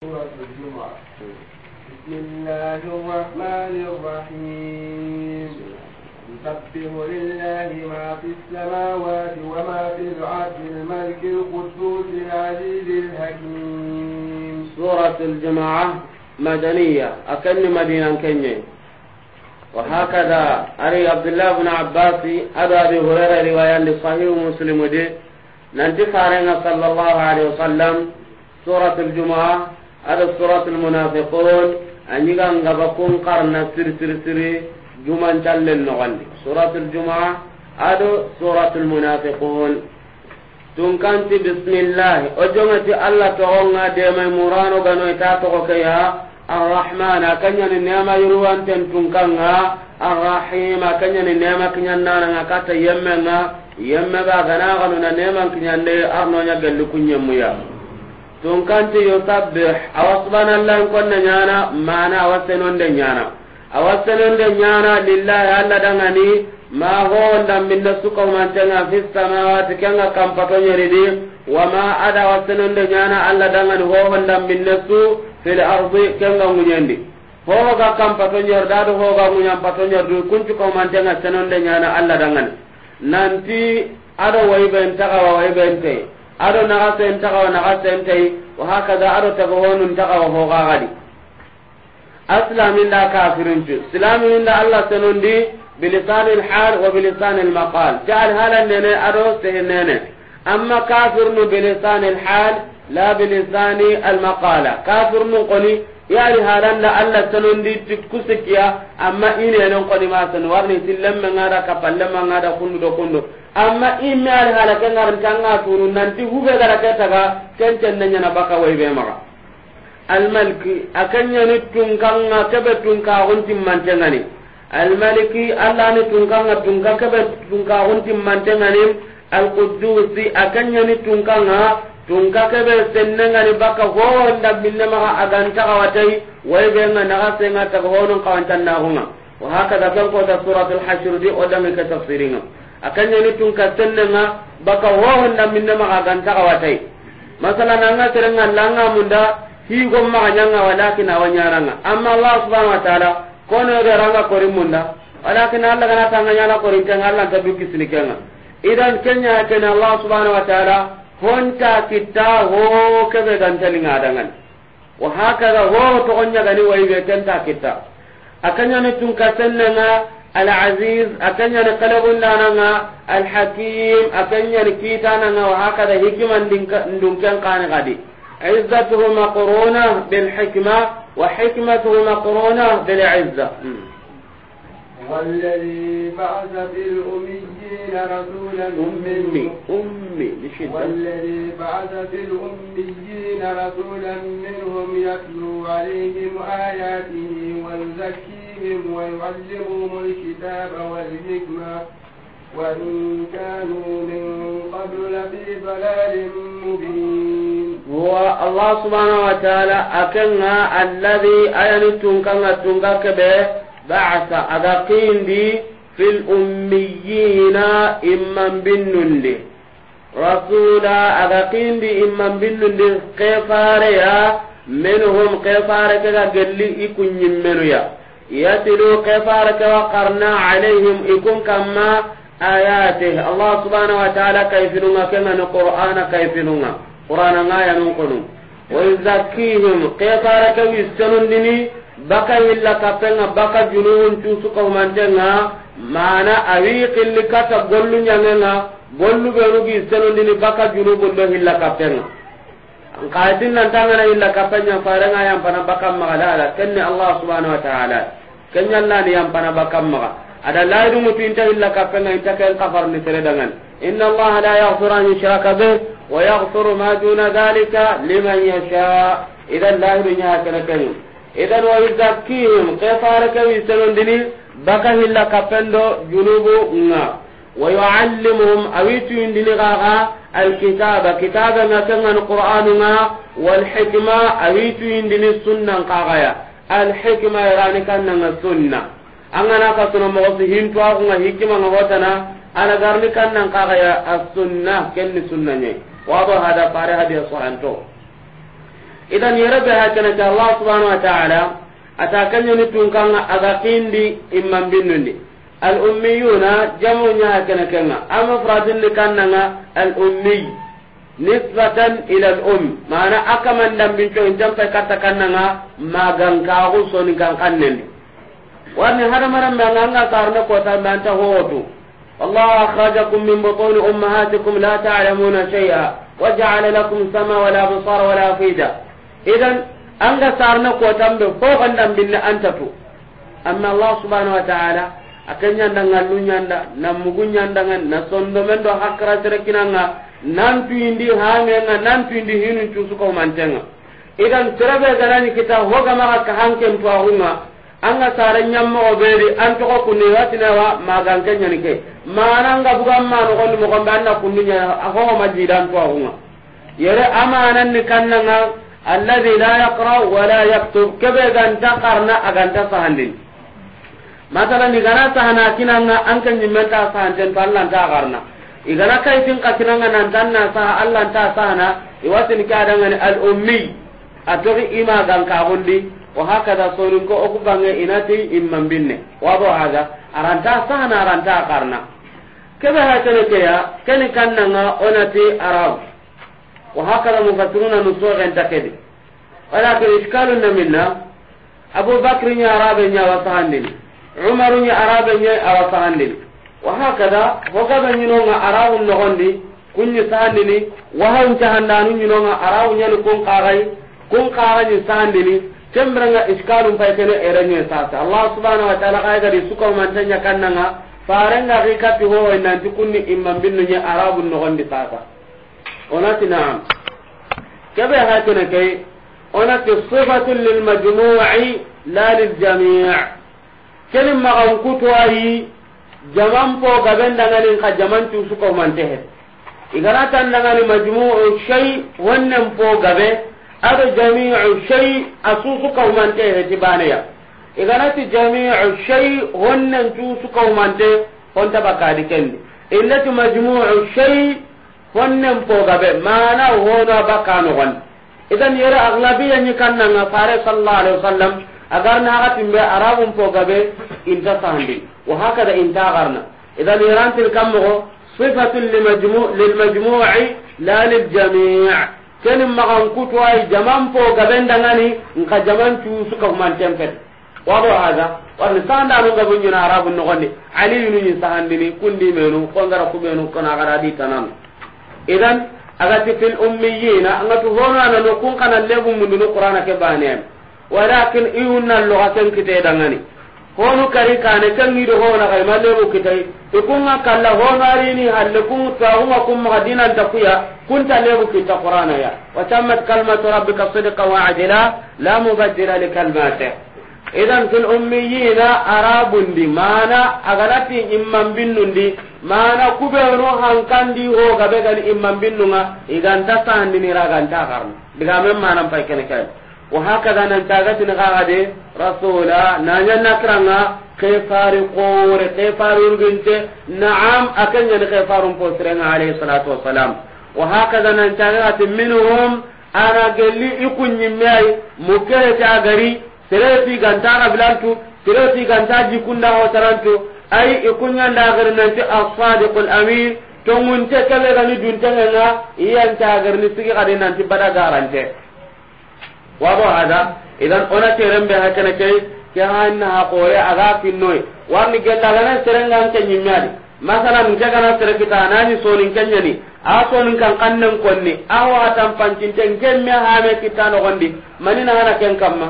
سورة الجمعة بسم الله الرحمن الرحيم يسبح لله ما في السماوات وما في العرش الملك القدوس العزيز الحكيم سورة الجماعة مدنية أكن مدينة كنية وهكذا أري عبد الله بن عباس أبا أبي هريرة رواية لصحيح مسلم دي ننتفع صلى الله عليه وسلم سورة الجمعة ada suratul munafiqun anyiga ngaba kun qarna sir sir sir juman challen nogandi suratul jumaa ado suratul munafiqun tun kanti o ojongati allah togonga demai murano gano ita togo keya arrahman akanyani nema yurwanten tun kanga arrahim akanyani nema kinyannananga kata yemmenga yemme na gana ganuna neman kinyande arnonya gelli yaa. tun kanti yusabbih awa subhanallah konna nyana mana awa senonde nyana awa senonde nyana lillahi alla dangani ma ho ndambinda suka mantenga fi samawati kenga kampato nyeridi wa ma ada awa senonde nyana alla dangani ho ndambinda su fil ardi kenga munyendi ho ga kampato nyerda do ho ga munyam pato nyerdu kuncu ko mantenga senonde nyana alla dangani nanti ada waiben taga waiben te ado naga sen tagawa naga sen tai wa hakaza ado taga honun tagawa hogagadi aslamin da kafirincu allah wa bilisani jaal hala nene ado sehe nene amma kafirnu bilisani lhal la bilisani almaqala kafirnu koni yari halan da allah senondi tikkusikiya amma inenen koni ma sen warni sillemmen ada kapallemman ada kundu do kundu amma imme hala halaka ngaran kanga turu nanti hube gara ketaga kencen nanya na baka wai be maga al maliki akanya ni tungkanga kebe tungka mantenga ni al maliki alla ni tungkanga tungka kebe tungka mantenga ni al qudusi akanya ni tungkanga tungka kebe ni baka ho nda binne maga aganta kawatai wai be nga naga senga ta hono kawantan na hunga wa haka kan ko ta suratul hasyr di odami ka tafsirina akan ni tun ka tennga baka ho honda minna ma ganta ka watai masala nanga nga langa munda hi gomma anyanga walakin nga amma allah subhanahu wa taala kono ga ranga kori munda walakin allah kana tanga nyana kori tanga allah ta duki kenga idan kenya na allah subhanahu wa taala honta kita ho kebe gantalinga dangan wa ga ho to gonya gani wai be kenta kita akan yani tun ka nga. العزيز أكنيا لقلب لنا الحكيم أكنيا لكيتانا وهكذا هكما ندنكن قان غدي عزته مقرونة بالحكمة وحكمته مقرونة بالعزة والذي بعث في الأميين رسولا أمي أمي لشدة والذي بعث في الأميين رسولا منهم يتلو عليهم آياته ويزكيهم ربهم ويعلمهم الكتاب والحكمة وإن كانوا من قبل في ضلال مبين والله سبحانه وتعالى أكنها الذي أين تنكنا تنكك به بعث أذقين دي في الأميين إما بالنل رسولا أذقين دي إما بالنل قفاريا منهم قفارك قل لي إكن يمنيا yatlu kefarake waqarna alayhim ikun kamma ayatih allah subhanahu wa taala kayfinunga kengani qur'ana kayfinunga qur'ana ngayanun konu wayuzakkihim kefarake wissenundini baka hilla kappenga baka junubun cusukahumantenga mana awi qilli kata gollu ñangenga gollu ɓenugi senundini baka junubun ɗo hilla kappenga nkatin nantangana hilla kappeñan farenga yampana baka magala ala kenni allah subhanahu wa taala kenyalla ni kenyallani bakam ma ada la tu inta illa ka kappenga inta kafar ni kafarni dangan inna allah la yaghfiru an yushraka bih wa yaghfiru ma duna dhalika liman yasha idan la lahiru nyaha kene kenyu idan wa yuzakkihim ka kefare kewi selondini baka ka pendo junubu nga wa yuallimuhum awitu indini gaga الكتاب كتابنا كان القرآن ما والحكمة أريد إن indini السنة قاعية alhikma yarani kannanga sunna angana ka suno nga hintoakunga hikkimango hotana ana garni kannan kaxaya sunna kenni sunna ñe wado hada fare hadiya sohanto idan yerebe hakenete allah subhanau wa taala ata ni kenyoni tunkanga aga kindi imman binnundi al ummiyuna jamu nya hakene kenga amma fradin kannanga al ummiy nisbatan ila al-um mana akaman dan binto intan fa kata kannanga magan ka hu soni kan kannen warni hada maran ma nganga karna ko ta man ta hodo Allah akhrajakum min butun ummahatikum la ta'lamuna shay'a wa ja'ala lakum sama wa la basara wa la afida idan anga sarna ko tambe ko kandan binna antatu amma Allah subhanahu wa ta'ala akanya ndanga nunya nyanda na mugu nyanda ndanga na sondo mendo hakara terekinanga nantu indi hange nga nantu indi hinu chusu ko mantenga idan terebe garani kita hoga maka kahanke mtwahunga anga sare nyammo obedi anto ko kunni watina wa maganke nyanike mananga bugan mano ko mo gombe anna kunninya ho majidan twahunga yere amanan ni kanna kannanga alladhi la yaqra wa la yaktub kebe ganta qarna aganta sahandin ni gana sahana kinanga an kan nyimmen ta sahanten to allah nta garna igana kayfin ka kinanga nan tan na saha allah nta sahana i wasi iwatin ka dangani al ummi atoki ima gan ka gondi wa hakada sorin ko oku bange inati imman binne wa do haga aranta sahana aranta garna kebe ha tene ke ya kene kannanga onati arab wa hakada mufassiruna nusugen takedi walakin iskalun minna abu bakr nya arabe nya wa sahandini umaru ni arabe nye awa sahandi wa hakada hokada nyino nga arabu nogondi kunyi sahandi ni wa han jahandanu nyino nga arabu nyani kun qagai kun qaga ni sahandi ni kembranga iskalum pay kene erenye sasa allah subhanahu wa ta'ala kaiga di suko mantanya kannanga farenga ki kapi ho nanti kunni imman binnu nye arabu nogondi sasa onati na'am kebe hakene kai onati sifatun lil majmu'i la lil jami' kenin magan kutuwayi jaman po gaben danganin ka jaman cusu komante he igana tan dangani majmu'u shay wannan po gabe ado jami'u shay asusu komante he ya igana ti jami'u shay wannan cusu komante honta bakadi kendi illati majmu'u shay wannan po gabe mana hono bakano wan idan yara aglabiyan ni kannanga fare sallallahu alaihi wasallam agarna hakatin timbe arabun po pogabe inta sahandi wa hakada inta agarna idan til irantil kammogo sifatun lilmajmuu la liljami kenin magan kutuwai jaman po pogaben dangani nka jaman tu suka cuusu kahumanten pet wado haga warni sandanu gabe ñuna arabun nogondi aliyinu ñin sahandini kundi menu kongara kumenu di tanan idan agati fil ummiyina angatu hono anano kun kana lebu mundunu qur'ana ke baneani walakin iyunna loga ken kite dangani honu kari kane ken ngido hona kay malebu kitai ikunga kala honu arini halle kun taunga kun magadina takuya kun talebu kita qur'ana ya wa tammat kalmatu rabbika sidqa wa adila la mubaddila li kalmatih idan fil ummiyina arabundi mana agalati imman binnundi mana kubeno hankandi ho gabe gal imman binnunga iganta sandini raganta karno diga men manan pay kene kay وهكذا ننتاغتنا غادي رسولا نانيا نكرنا كفار قور كفار يرغنت نعم أكن كفار بوسرنا عليه الصلاة والسلام وهكذا ننتاغت منهم أنا قلي يكون يمي مكيه تاغري سلسي غانتاغا بلانتو سلسي غانتاجي كنا وترانتو أي يكون ينداغري ننتي الصادق الأمين tongunte kebe gani duntengenga iyantagarni sigi gadi nanti bada garante wado hada idan ona teren be hakana kai ke hanna ha qore aga finnoy warni gella gana serengan ke nyimmali masalan ke gana sere kita anani sonin kenyani a sonin kan kannan konni awa tan pancin ten gemme ha me kita no gondi manina hana ken kamma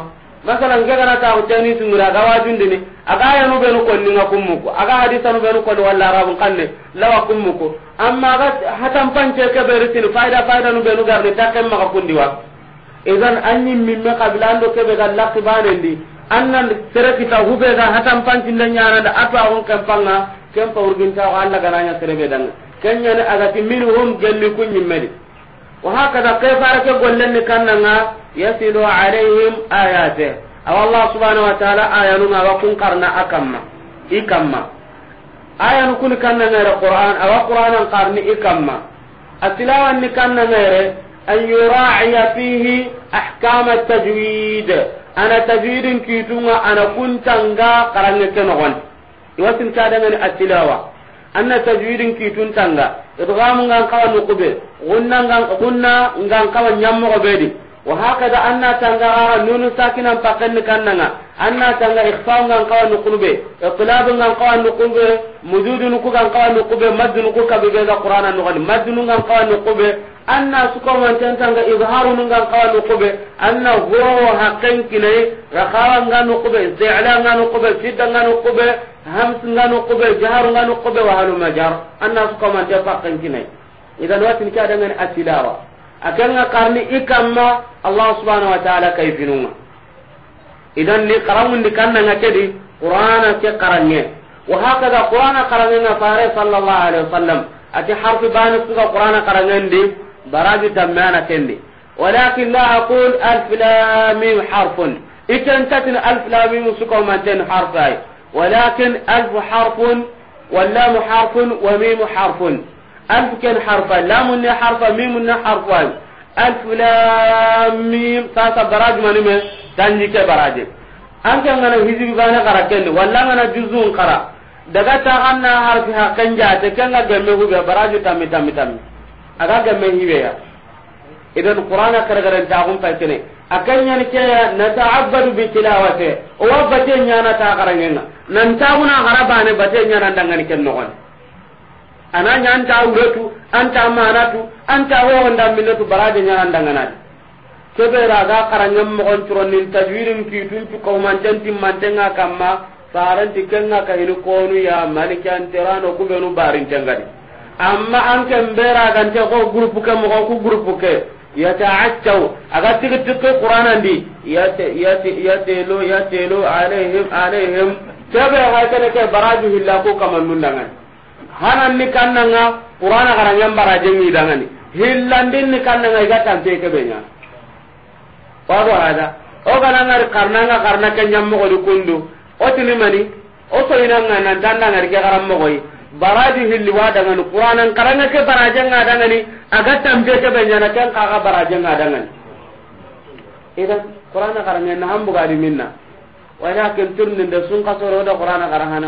masalan ke gana ta utani sumura ga wajun dini aga yanu be no konni ga kummu ko aga hadisan be no konni walla arabun kanne lawa kummu ko amma ga hatan pance ke be ritin faida faida no be no garni takem kundi wa. idan anni mimme kabila ando kebe ga laki an nan sere kita hube ga hatan pancin da nyana da atwa hon kempanga kempa urginta wa alla gananya sere be dan kenya ne min hum gelli kunni medi wa kai fara ke gollen ne kannanga yasilu alaihim ayate aw allah subhanahu wa ta'ala ayanu ma wa kun karna akamma ikamma ayanu kun nan ne qur'an aw qur'anan karni ikamma atilawan ni nan ne an yura'iya fihi ahkam at-tajwid ana tajwidin kitunga ana kuntanga karange kenogon iwatin kadangani at-tilawa anna tajwidin kitun tanga idgamu ngan kawa nukube gunna ngan gunna ngan kawa nyammo bedi wa hakada anna tanga ara nunu sakinan pakan kannanga anna tanga ikhfa ngan kawa nukube iqlab ngan kawa nukube mududu nuku ngan kawa nukube maddu nuku kabe ga qur'ana nukan maddu ngan kawa nukube anna sukomancantanga izharunungan kawa nukube anna horowo hakken kinai ga kawa nga nukube zela nga nukube sidda nga nukube hams nga nukube jaharu nga nukube wahaluma jar anna sukomante pakken kinai idan watin ke adangani atilawa akenga karni ikamma allah subhanahu wa taala kayfinunga idan ni karangundi kannanga kedi qur'ana ke karange wa hakaza qur'ana karangenga fare sallallahu alaihi wasallam ati harfi bani kuga qur'ana karangendi baraji tammana kende walakin la aqul alf lam mim harfun itan tatin alf lam mim suko manten harfai walakin alf harfun واللام حرف وميم حرف ألف كان حرفا لام حرفا ميم حرفا ألف لام ميم تاسا براج ما نمي تنجيك براج أنك أنا هزيب غانا قرأ كن أنا جزون قرأ daga ta hanna harfi hakan ja ta kan ga gamme aga gamme hibeya idan qur'ana karagaran ta gun patene akanya ni ke na ta'abbadu bi tilawati wa baten nyana ta garangenga nan ta guna garabane baten nyana dangani ken nogon ananya anta uretu anta manatu anta ho onda minatu baraje nyana danganati kebera ga karangem mo gon turonin tajwirin ki tun tu ko tantim mantenga kamma saranti kenga kahinu konu ya malikan terano kubenu barin tengadi amma an ken bera gante ko groupe ke mo ku groupe ke yata'attaw aga tigi tigi qur'ana ndi yate yate yate lo yate lo alaihim alaihim tabe ha kene ke baraju hilla ko kaman nun dangan hanan ni kannanga qur'ana garanya baraje ni dangani hillandin ni kannanga iga tante ke benya wado hada o gananga karnanga karna ke nyammo ko kundu o tinimani o so inanga nan dandanga ke garammo koyi baraji hilliwa dangani qur'anan karanga ke barajenga dangani aga tambe ke benyana ken kaga barajenga dangani idan qur'ana karanga na hambu gadi minna wala ken da sun kasoro da qur'ana karanga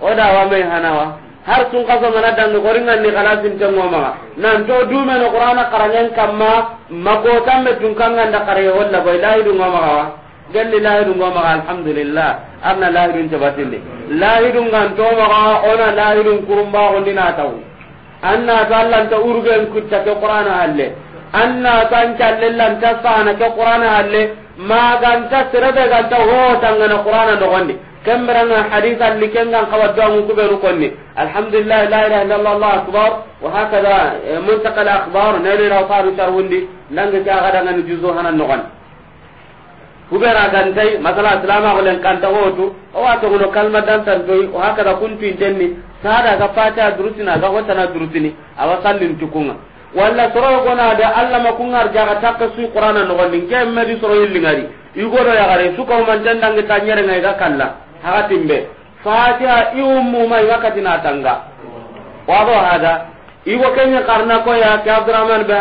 wa da wa mai hanawa har sun kaso mana dangi goringan ni kala sin tan ngoma nan to dume no qur'ana karangen kamma makotan me tun kangan da kare walla boy dai du ngoma wa galli lahidun go maga alhamdulillah arna lahidun cabatindi lahidun gan to maga ona lahidun kurumba gondi na taw anna ta urgen kutta ke qur'ana halle anna ta sana ke qur'ana halle ma gan ta gan ta ho qur'ana do alhamdulillah la ilaha illallah allah akbar wa hakada eh, muntaqa akhbar nani rawtaru sharhundi langa ka gadanga ni juzu hanan no kubera gantai masala islama ko len kanta hotu o wa to kalma dan tan doy o haka da kuntu intenni sada ga fata durusina ga wata na durusini awa sallin tukunga walla soro ko na da Allah ma kun arja ga takka su qur'ana no gondin ke me di soro yilli ngari igoro ya gare su ko man dan dangi ta ngai ga kalla haka timbe fatiha iummu mai wakati na tanga wa hada igo kenya karna ko ya ke abdurrahman be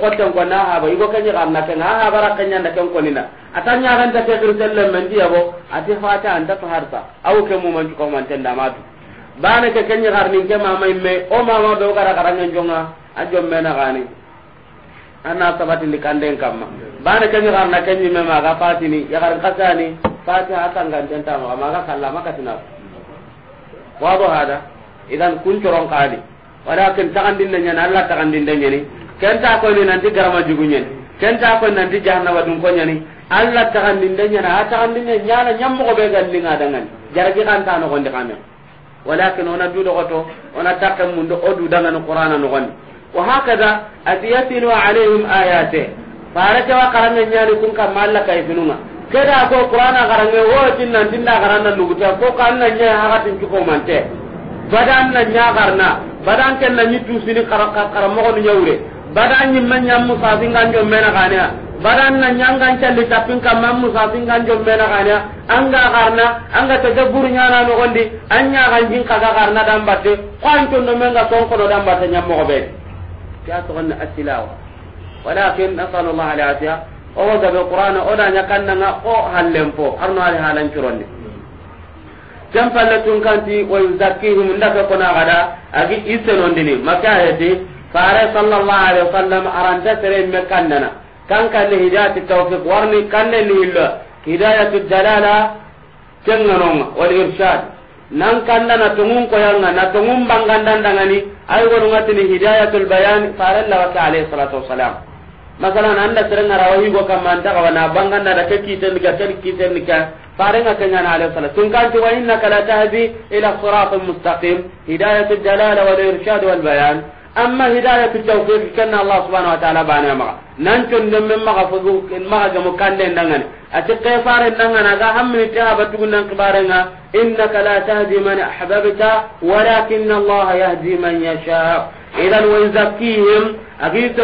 kotten eh, ko na haba igo kenya karna ke na haba ra kenya nda ken konina atanya ran ta ke kirselle men dia bo ati fata anda to harta aw ke mu man ko man tenda madu bana ke kenya karni ke mama me o mama do gara gara ngen jonga ajo mena gani anna sabati ni kanden kamma bana kenya karna kenya me ma ga ni ya gar kasani fati hatan gan tenta ma ga ka makatina wa do hada idan kun coron kali walakin tagandin nan yana Allah tagandin dan yani kenta ko ni nanti garama jugunyen kenta ko nanti jahannama dun ko yani Allah tagandin dan yana ha tagandin nan yana nyammo ko be gallinga dangan jargi kan ta no gonde kamen walakin ona du do goto ona takam mun do odu dangan qur'ana no gonde wa hakada atiyatinu alaihim ayate farake wa karanga nyani kun kam Allah kai binunga keda ko qur'ana karanga wo tin nan tinda karanga luguta ko kan nan hakatin ko mante badan na ñagarna badan ken na ñittusini xaramoxonu ñawre badan ni ñimma ñam musasingan jommena xanea badan na ñangan calli tappin kamma musasingan jommena xanea anga xarna anga tege buru ñana noxondi an ñaxan jin kaga xarna dan batte ko an condomenga sonkono dan batte ñammoxo ɓe ke soxonna a silawa walakin nasalu llah alafia owo gabe qur'ana oda nga o hallen po arno ali halancurondi kem palle tun kanti wa yuzakkihum ndaka kona gada agi isenondini maka ayati fare sallallahu alaihi wasallam aranta sere me kannana kan kanne hidayati tawfiq warni kanne ni illa hidayatu dalala kenganonga wal irshad nan kandana tungun koyanga na tungun bangandan dangani ay wonungatini hidayatul bayan fare lawaka alaihi salatu wassalam masalan anda sere ngarawahi go kamanta kawana banganda da kekiten ga ter kiten ka فارنا كنا عليه الصلاة إن كانت وإنك لا تهدي إلى صراط مستقيم هداية الجلالة والإرشاد والبيان أما هداية التوفيق كان الله سبحانه وتعالى بانا مغا ننتن من مغا فضوك إن مغا جمكان لين لنغن أتقي فارن لنغن أذا هم نتابة تقولن إنك لا تهدي من أحببت ولكن الله يهدي من يشاء إذا ويزكيهم أكيد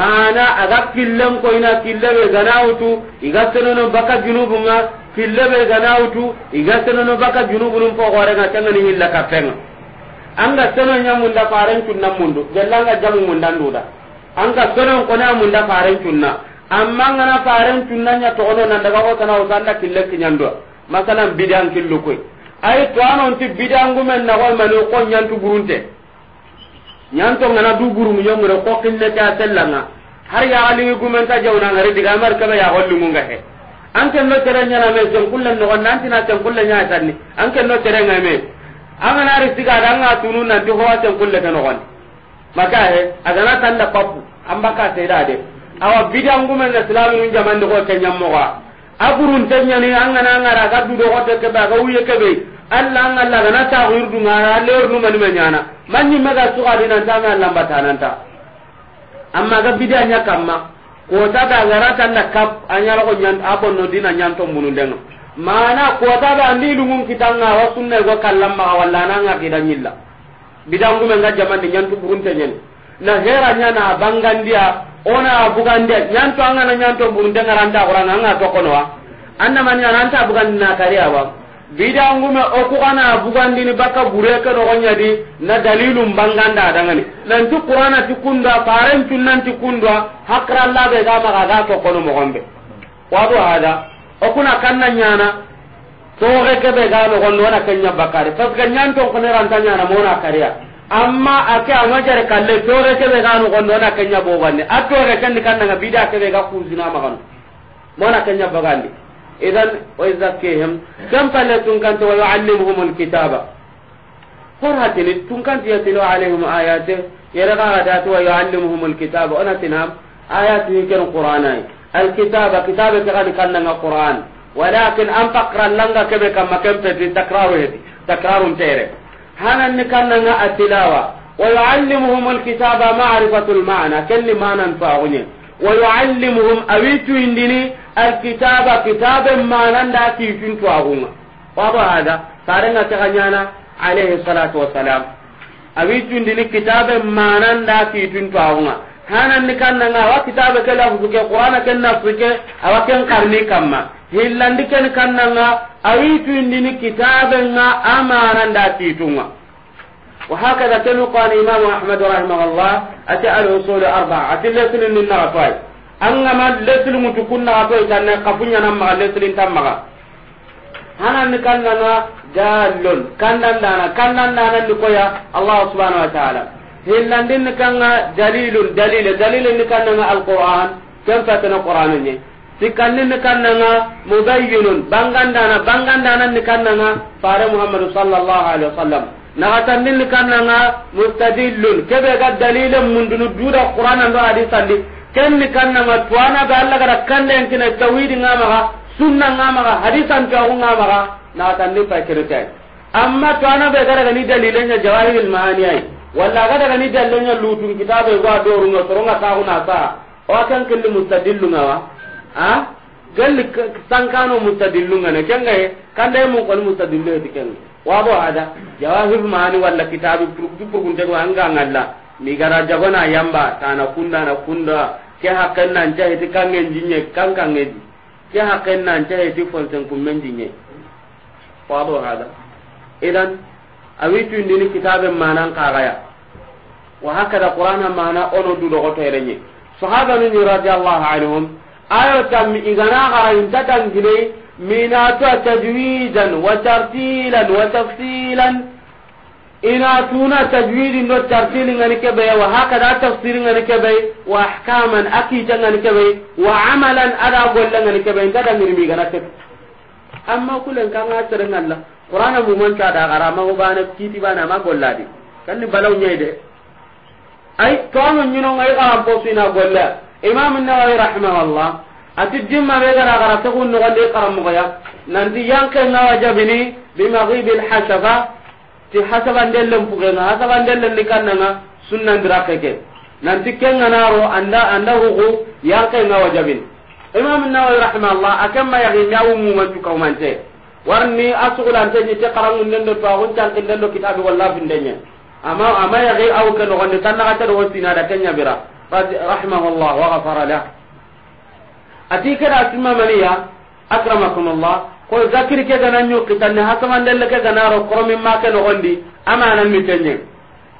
معنا أذكي لنكو إنا كي لنغن أوتو إذا تنون بكا جنوبنا hillebe ganawutu iga senono baka junubunum fo horenga kengani hilla kappenga anga seno ñamunda faren cunna mundu gellanga jamu mundanduda anga senon kone a munda faren cunna amma ngana faren cunna ña togono nandaga ko sanawo sanda kille kiñanduwa masalan bidan killu koy ay toanonti bidangumen nagoy mani ko ñantu gurunte ñanto ngana du gurumu ñomure ko kinnete a sellanga har ya ali yaxaligi gumenta jawnangari digamar keɓe yaxollimunga he anke no tere na me jon kullen no on nanti na jon kullen nya tanni anke no tere ngai me anga na ri tiga danga tunu na di hoa jon kullen kan on maka he na tanda papu amba ka te dade awa bidangu men na islamu nun jaman ko ke nyammo ga aburun nya ni anga na anga ra ga du do ko te ke ba ga uye ke be alla anga la na ta na ngara leor nu mani me nyana manni mega suga dinan ta ngalla lamba ta amma ga nya kamma kota da ngara tan na kap anyara ko nyan abon no dina nyan to munun den mana kota da ndi lungun kitanga wa sunna go kallam ma walla na nga gidan yilla bidangu men nga jaman ni nyan to burun tenyen na hera nya na bangandia ona bugande nyan to anga na nyan to burun den ngara nda ko anga to kono wa anna man nyan anta bugan na kariya wa bidangume okugana bugandini bakka bureke ɗogonyadi na dalilu dalilum banganda dangani nanti qur'ana ti kunda faren cunnanti kunda hakrallaɓe ga maga ga tokkono mogonɓe waɗo hada okuna kanna ñana toxe keɓe ga nogonno wona kenña bakkade parce que ñan tonkoneranta mo na kariya amma ake ama jare kalle toxe keɓe ga nogonno wona kenña ɓogande a toxe kendi kannanga bida keɓe ga kusina magano na kanya bagandi idan kam palle wa yuallimuhum alkitaba alaihim wa yuallimuhum alkitaba alkitaba kitaba qur'an walakin an faqra langa kebe kam makam takraru hedi takrarun tere hanan ni atilawa ويعلمهم الكتاب معرفة المعنى كل معنى فاغني ويعلمهم إندني alkitaba kitaben mananda kifintu agunga wado hada sarenga taganyana alayhi salatu wassalam awi tundini kitabe mananda kifintu agunga hananni kannanga awa kitabe ke lafuzuke qur'ana ken nafsuke awa ken karni kamma hillandi ken kannanga awi tundini kitabenga amananda kitunga وهكذا تلقى الإمام أحمد رحمه الله أتى الأصول أربعة أتى لسن النغفاي angama lesilimu tu kunna ga toy tanne kafunya nan maga lesilin tan maga hanan ni kandana dallon kandan dana kandan dana ni koya allah subhanahu wa ta'ala hillandin ni kanga dalilun dalile dalile ni kandanga alquran kan fatana qur'anin ne sikanni ni kannanga mubayyinun bangandana bangandana ni kannanga fare muhammadu sallallahu alaihi wasallam nagatanni ni kannanga mustadillun kebe ga dalile mundunu duda qur'anan do hadisandi kenni kannanga tuwana be allah gara kanden kina tawhidi ngamaga sunna ngamaga hadisan tuwaku ngamaga nagatandi pakiritay amma tuwana be garaga ni dalilenya jawahiril maani ay walla agadaga ni dalilenya lutun kitabe go a dorunga soronga taxuna saa owa ken kelli mustadillunga wa a gelli sankano mustadillunga ne kengaye kandaye mun koni mustadilloyeti kenga wabo ada jawahir maani walla kitabi purguntegoangangalla migara jagona yamba tana kunda na kunda ke hakken nan ta hiti kangen jinye kan kangen di ke hakken nan ta hiti fonsen kummen jinye wado hada idan awi tundini kitabe manan kagaya wa hakada qur'ana mana ono du do goto erenye sahaba ni radiyallahu anhum ayo tammi igana gara inta tangine mina ta tajwidan wa tartilan wa tafsilan ina tuna tajwidi ndo tartili ngani kebe wa haka hakada tafsiri ngani kebe wa ahkaman akita ngani kebe wa amalan ada golla ngani kebe ngada ngiri mirmi gana tek amma kulen kan asere la. qur'ana mu man ta da garama go bana kiti bana ma golla di kan ni balaw nyai de ay tono nyino ngai garam po sina golla imam an-nawawi rahimahullah ati dimma be gara gara ta kunno galle qaram mo ya nanti yankan nawajabini bi maghibil hasafa ti hasabandellen pugenga hasabandellen ni kannanga sunnandira keke nanti kenga naro anda anda huku yankenga wajabin imam nawawi rahimahullah akemma yaginde awu mumancu kaumante warni asugulante ñi te karangunden do twaxun cankinden do kitabi walla findenñe ama ama yagi awu ke nogondi tan naxa teɗowo sinada kenñabira rahimahullah wa gafara lah ati keda simmamaniya akramakum allah ko zakir ke gana nyu kitanne hasaman delle ke gana ro koromi ma ke no gondi amana mi tenye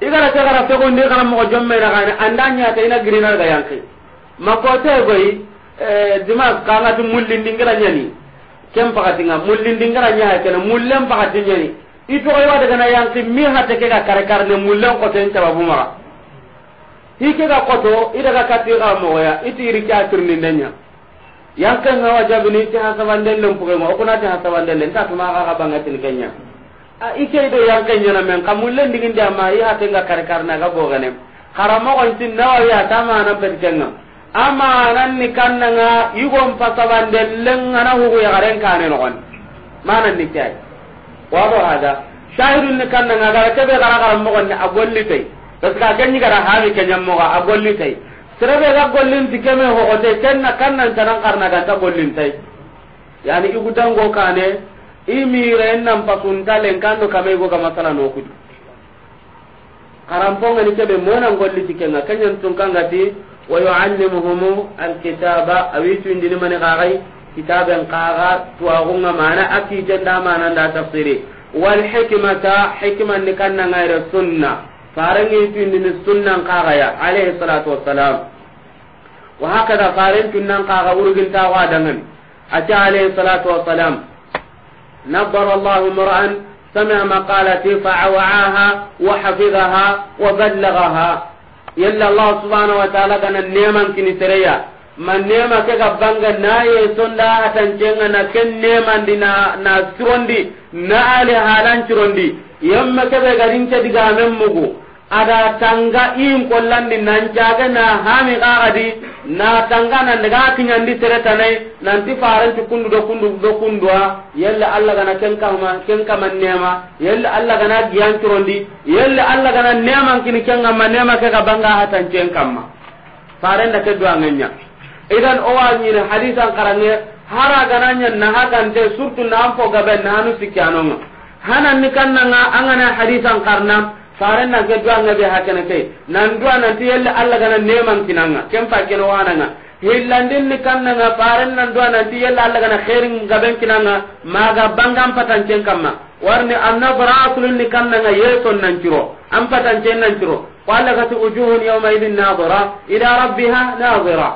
igara ke gara fego ndi gara mo jomme na gane andanya ta ina girina ga yanke makote goyi eh dimas kala tu mulli ndingira nyani kem pakati nga mulli ndingira nya ke na mullem pakati nyani ito ko wada gana yanke mi hatte ke ga kare kare ne mullem ko ten tababu mara hike ga koto ida ga kati ga mo ya iti irika tirni ndenya yankan nga ni ti hasabanden len ma okuna ti hasabanden len tatuma kaka bangatin kenya a ike do yankan nyana men kamulle ndingin de ama i hate nga kar kar na ga ganem harama ko tin wa ya tama na kenna ama nan ni kannanga yugo pasabanden len ngana hu ya garen kane no kon manan ni tay wa do hada shahidun ni kannanga ga kebe gara gara mo kon a agolli tay parce ka ganyi gara hawi kenya mo ga a tay terebe ga gollin dikeme hogote kenna kannan tanan karna ganta gollin tay yani igudango kane i miren nan pasuntalen kando kame go ga masala no kudu karamponga ni kebe mona ngolli dikenga tun tunkanga ti wa yuallimuhum alkitaba awitu indini mani qagai kitaben qaga tuwagunga mana aki jenda mana nda tafsiri wal hikmata hikman ni kanna ngaire sunnah farengi tindi ni sunnan kaga ya alayhi salatu wassalam wa hakada faren tunnan kaga urgin ta wa dangan ati alayhi salatu wassalam nabbara allah mar'an sami'a maqalati fa awaaha wa hafidhaha wa ballagaha yalla allah subhanahu wa ta'ala kana neman kini tereya man nema ke gabbanga na ye sonda atan jenga na ken neman dina na sirondi na ale halan sirondi yemme kebe diga men mugu ada tanga in ni nan jaga na hami kaadi na tanga nan daga nan ti faran ti kundu do kundu do kundua yalla alla gana kenkama kenkama nema yalla alla gana turondi yalla alla gana kin kini kenkama nema ke ga banga hatan faran da ke dua ngenya idan o wanyine hadisan karange hara gananya na te surtu na ampo gabe na sikyanonga hanan ni kannanga angana hadisan karna faran na ke nga be hakana kai nan duwa nan ti yalla alla gana neman kinanga kem pa kino wananga hillandin ni kannanga faran nan dua nan ti yalla alla gana khairin gaben kinanga maga bangam patan ken kamma warni anna baratul ni kannanga yeson nan ciro am patan ken nan ciro qala gatu ujuhun yawma idin nadhara ila rabbiha nadira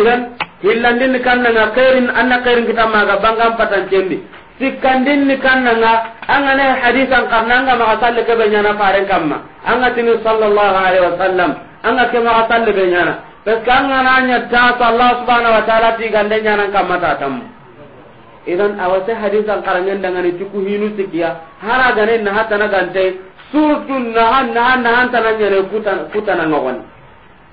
idan hillandin ni kannanga khairin anna khairin kitamma ga bangam patan kendi sikkandin ni kannanga angana hadisan karna anga maka salle ke benyana faren kamma anga tini sallallahu alaihi wasallam anga ke maka salle benyana parce que angana nya ta Allah subhanahu wa ta'ala ti gande nyana kamma ta tam idan awase hadisan karangen dangane tiku hinu sikiya hara gane na hata na gante surtu na han na han na han tananya kutana ngawani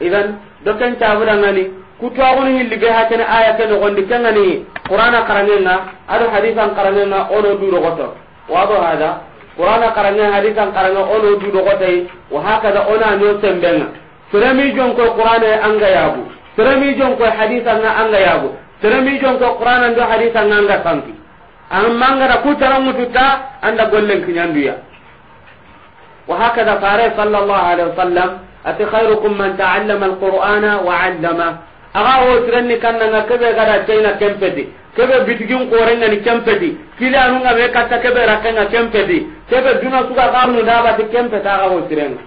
idan doken ngani. kutwaxunu hilli be hakene aya ke nogondi kengani qur'ana karangenga ado hadisan karangenga ono durogoto wado hada qur'ana karange hadisan karange ono durogotai wa hakada ona nyo sembenga seremi jonko qur'ana anga yabu seremi jonko hadisan nga anga yabu seremi jonko qur'ana ndo hadisan nga anga sanki amma ngara kutaramututa anda gollen kinyanduya wa hakada fare sallallahu alaihi wasallam ati khairukum man ta'allama alqur'ana wa 'allama aga wo tirenni kannanga kebe gada china kempedi kebe bitigin korenga ni kempedi kila anunga be katta kebe rakenga kempedi kebe duna suga garnu daba ti kempeta aga wo tirenga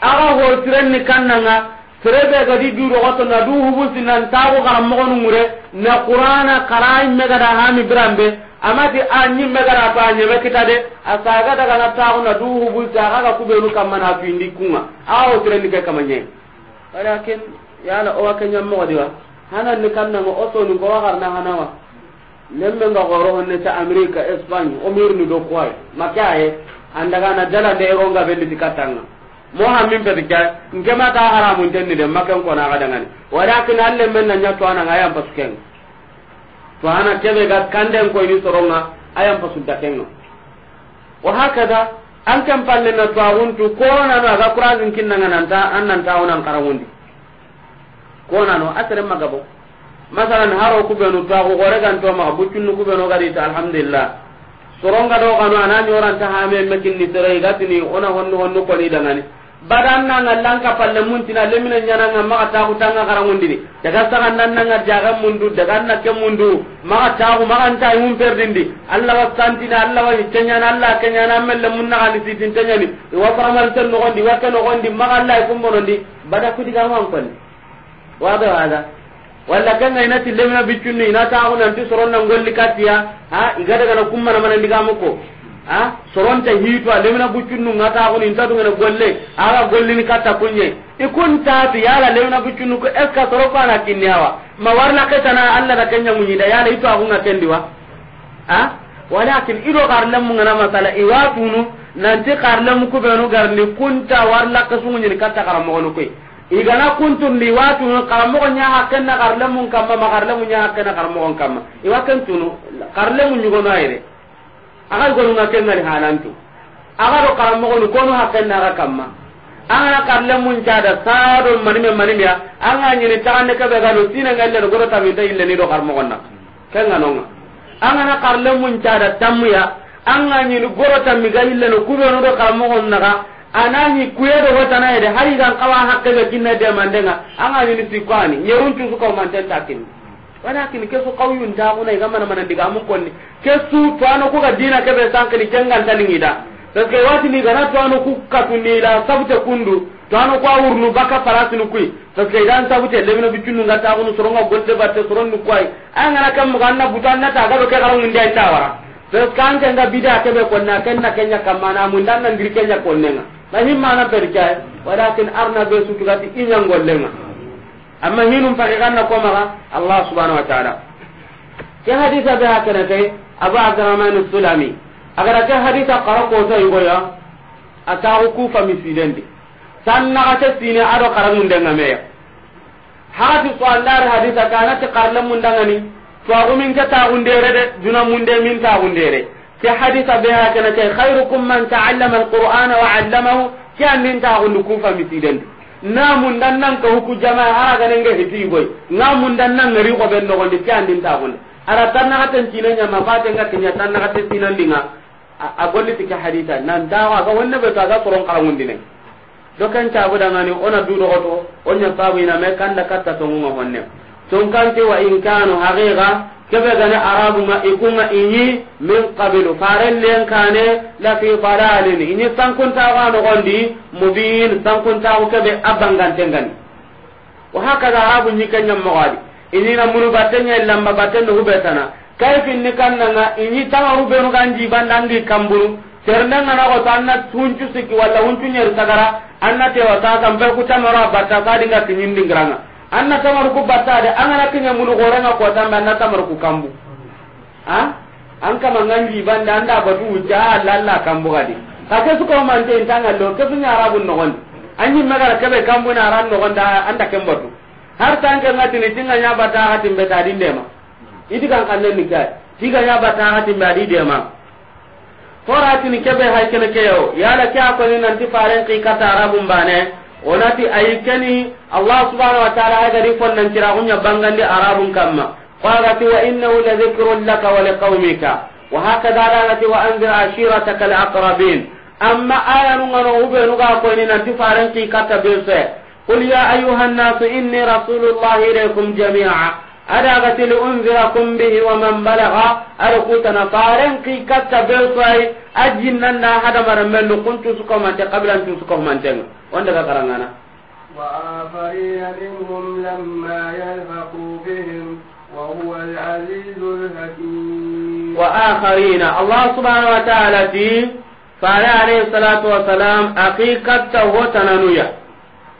aga wo tirenni kannanga terebe di duro goto na du hubusi nan tago garam mo ngure na qur'ana qarai megada hami brambe amati anyi megara to anye be kitade asaga daga na tago na du hubusi aga ga kubenu kamana findi kunga awo tirenni ke kamanye walakin yala o kenya mo diwa hana ni kanna mo oto ni ko har na hana wa lemme nga goro honne ta america espagne o mir ni do kwai makaye andaga na dala de ro nga belli tikatanga mo ha min pete nge ma ta haramun ni de makan ko na ga dangani walakin alle men na nyato ana ga yam pasken to ana kebe ga kanden ko ni soronga ayam pasudda kenno wa hakada an kan palle na tawuntu ko na na ga ta an nan annan wonan karawundi konano aseren magabo masalan haro kubenu taku gore ganto maga buccunnu kubeno gadita alhamdulillah soronga do kanu ana ñoranta hame mekinni sere igatini ona honnu honnu koni dangani nga lanka palle muntina lemina tanga daga jaga mundu daga na ke mundu maka taku maka ntai perdindi alla wa santina alla wa hichenyana alla melle wa wa ke bada wada wada walla kanga ina tillemina biccunni ina taxu nanti soronna ngolli kattiya a iga dagana kummana mana ndigamuko a soronta hiitu a lemina buccunnu nga taxuni intatungene golle golli ni katta kunye ikun taatu yala lemina buccunnu ko est ce que soro fana kinni awa ma warna ketana allah da kenya muñida yala itu axunga kendiwa a walakin ido ngana masala iwatunu nanti xarlemu kubenu garni kunta warla ni katta karamo ko igana kuntundi watunu karamogo ñahakenna karlemun kamma ma karlemu ñahakenna karamogon kamma iwa kentunu karlemu ñugono ayre aga gonunga kengani hanantu aga do karamogoni konu hakenna aga kamma angana karlemun cada sado manime manimya anga ñini taxande keɓe gano sinengalleno godo taminta illeni do karamogonna kenganonga angana karlemun cada tammuya anga ñini goro tammiga illeno kuɓenu do karamogonna ga anani kuyedo hotana yede hari gan kawa hakke be kinna de mandenga anga ni sikwani nyerun tu suko manten takin walakin kesu qawiyun dauna ga mana mana diga mun konni kesu to ano ko ga dina ke be sanke ni jangal tanin ida daske wati ni gana to ano ku katuni la sabte kundu to ano ko awurnu baka farasin kui daske idan sabte lebino bicunu ngata kunu soronga golle batte soronnu kwai anga na kam ga na butan na ta ga be ke garu ndai tawara daske an kan ga bida ke be konna kenna kenya kamana mun dan nan dirkenya konnenga na himmana perkay walakin arna be sutugati iñangollenga amma hinum pake ganna komaga allah subhanau wa taala ke hadisa be ha te abu abdurahman sulami agara ke hadisa kara kosa yigoya ataku kufa misidendi tan nagate sine ado karangundenga meya hagati so allari hadisa dangani. karle mundangani twagumin ta taagundere de duna munde min taagundere ke hadisa be ha kai khairukum man ta'allama alqur'ana wa 'allamahu kya min ta hundu ku fa misiden na mun dan nan ka huku jama'a ara ga nan ga na mun dan ben no gonde ta hundu ara tan na tan tinan nya ma ba ta ngati nya tan na tan tinan dinga a golli tike hadita nan dawa ga wonne be ta ga koron karangun dinen do kan ta bu dangani ona du do goto onya babu ina me kan da katta to ngonga honne ton kante wa in kanu haqiqa kebe gane arabu ma ikunga inyi min qabilu faren len kane la fi dalalin inyi sankunta wa no gondi mubin ta ko kebe abangan tengani wa hakaza arabu nyi kanyam mawadi inyi na munu batenya illa mabatendo hubetana kayfin ni nga inyi tamaru benu ganji bandangi kamburu serna ngana ko tanna tunchu siki wala unchu nyer sagara anna te wata kambe ku tamara batta kadinga kinyindingranga anna tamar ku battade angana kinya mulu gorenga ko tambe anna tamar ku kambu ha an kama nganji banda anda batu ja ah, lalla kambu gadi ka ke su ko tanga lo ke sunya arabun no gondi anyi magara kebe kambu na ran no da anda kembatu har tanke ngati ni tinga nya bata hati mbeta dindema idi kan kan ni ga tiga nya bata hati mbadi dema horatini kebe ke keyo yala ke akoni nanti faren ki kata arabun mbane onati ayi keni allah subhanahu wa ta'ala agari fonnancira kunya bangandi arabun kamma qagati wa innahu la dhikrun laka wa liqaumika wa hakadha alati wa anzir ashiratakal aqrabin amma ayanu ngano ubenu ga ko ni nanti faran ki kata bese qul ya ayuhan nas inni rasulullah ilaykum jami'a ada gatil unzirakum bihi wa man balagha ada kutana faran ki kata bese ajinnan na hada maramel kuntu sukomante qablan tu sukomante wanda ka karangana wa afariya minhum lamma yalfaqu bihim wa huwa al-azizul hakim wa akharina allah subhanahu wa ta'ala fi fara alayhi salatu wa salam aqiqata wa tananuya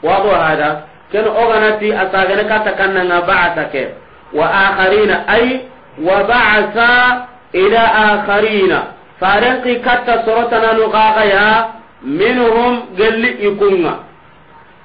wa hada kan oganati asagane kata kanna ngaba'ata ke wa akharina ay wa ba'atha ila akharina fa raqi katta suratana nuqaqa ya minhum galli ikunga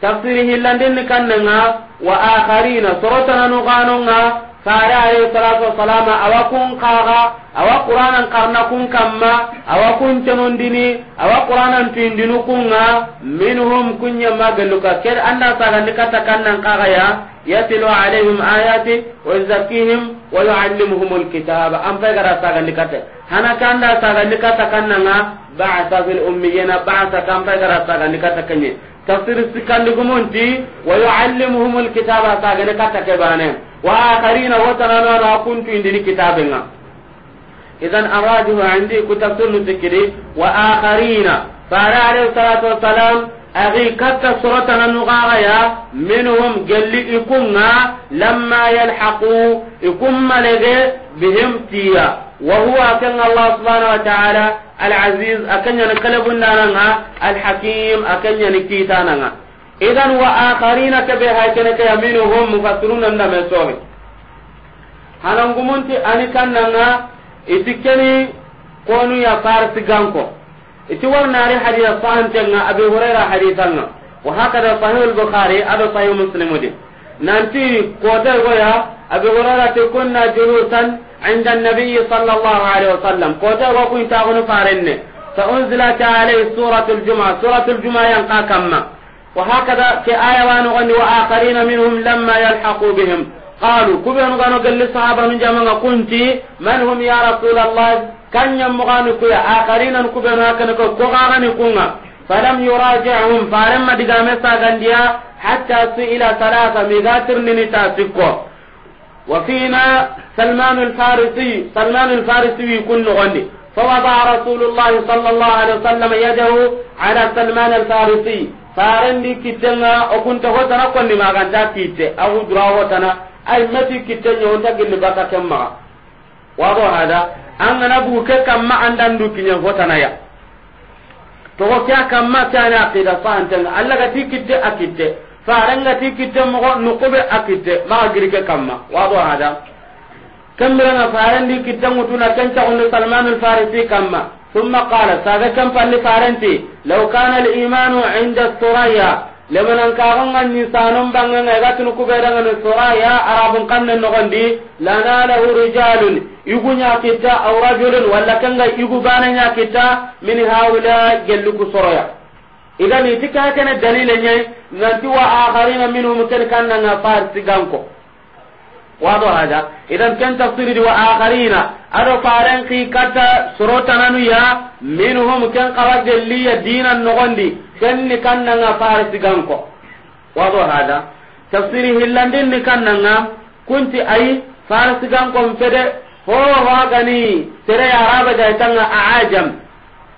tafsiri hillandinni kannanga wa akharina sorotananu ganonga fare alayhi salatu wassalam awa kun kaga awa qur'anan karna kun kamma awa kun tenondini awa qur'anan pindinu kunga minhum kunya magaluka ker anda sagandi kata kannan kaga ya yatlu alaihim ayati wa yuzakkihim wa yuallimuhum alkitaba am fegara sagandi kata hana kanda sagandi kata kannanga ba'atha fil ummiyina ba'atha kam pagara sagandi kata kanye tafsir sikandi gumunti wa yuallimuhum alkitaba sagandi kata kebane wa akharina wa tanana kuntu indini kitabenga idan araduhu indi ku tafsir wa akharina fara alayhi salatu wassalam axi katta sorotana nuxaxaya minhum gelli ikunga lamma yalxaqu ikun malege bihim tiya wa huwa ken allah subhanau wa taala alaziz akenyani kalebundananga alhakim akenyani kitananga idan wa akharina kebe hakenekeya minhum mufassirunandame sohe hanangumunti ani kannanga iti keni konu ya farsi ganko iti warnaari hadia sahantenga abi huraira hadisanga wa sahih al-bukhari ado sahih muslim di nanti kota goya abi huraira te kunna julusan inda an-nabiy sallallahu alaihi wasallam kota go kun ta gono farenne fa unzilat alayhi suratul jumu'ah suratul jumu'ah yang qakamma wa ke ayawanu wa akharina minhum lamma yalhaqu bihim qalu kubenu gano gelli sahabanu jamanga kunti man hum ya rasulallah kanya mugani kuya akarinan kubenu hakana ko kogani kunga falam yuraji'hum faramma digame sagandiya hatta su'ila salasa migatirnini tasikko wa fina salman al-farisi salman al-farisi kun nogondi فوضع رسول الله صلى الله عليه وسلم يده على سلمان الفارسي فارندي كتنا وكنت هوتنا كن ما كانت كيت او درا هوتنا ay mati kitte nyo ta gilli baka kemma wa go hada an gana bu ke kamma andan du kinya na ya to ko kya kamma kana aqida fa antan Allah ga tikitte akitte faranga tikitte mo no ko be akitte ma girke kamma wa go hada kambira na farandi kitta mutuna kan ta on Salman al-Farisi kamma ثم قال ساذا كم فالفارنتي لو كان الإيمان عند الثريا lebanan kaxonga nisanon banganga igatini kuɓedangani soraya arabun kanne nogondi lanalahu rijalun igu ñakitta aw rajulun walla kenga igu bana ñakitta min haula gelluku soroya idan iti ka kene dalile ñe nanti wa akharina minhum ken kannanga farsiganko wado haja idan ken tafsiri di wa akharina ado faren ki katta sorotananu ya minhum ken kawa gelliya dinan nogondi kenni kannanga farsi ganko wado hada tafsiri hillandinni kannanga kunti ayi farsi ganko fede ho gani tere arabe tanga aajam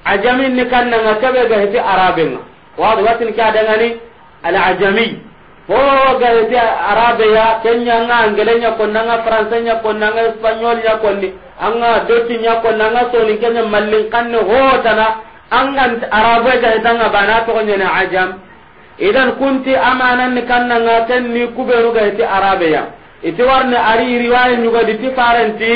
ajaminni kannanga kebe gahiti arabenga wado watin kadangani ajami ho gahiti arabeya kenyanga angelenya konnanga fransenya konnanga nya konni anga dotinya konnanga soni kenya mallin kanne ho tana angan arabe ga itanga bana to nyene ajam idan kunti amanan ni kannanga ken ni kuberu ga iti arabe ya iti warne ari riwaya nyuga diti parenti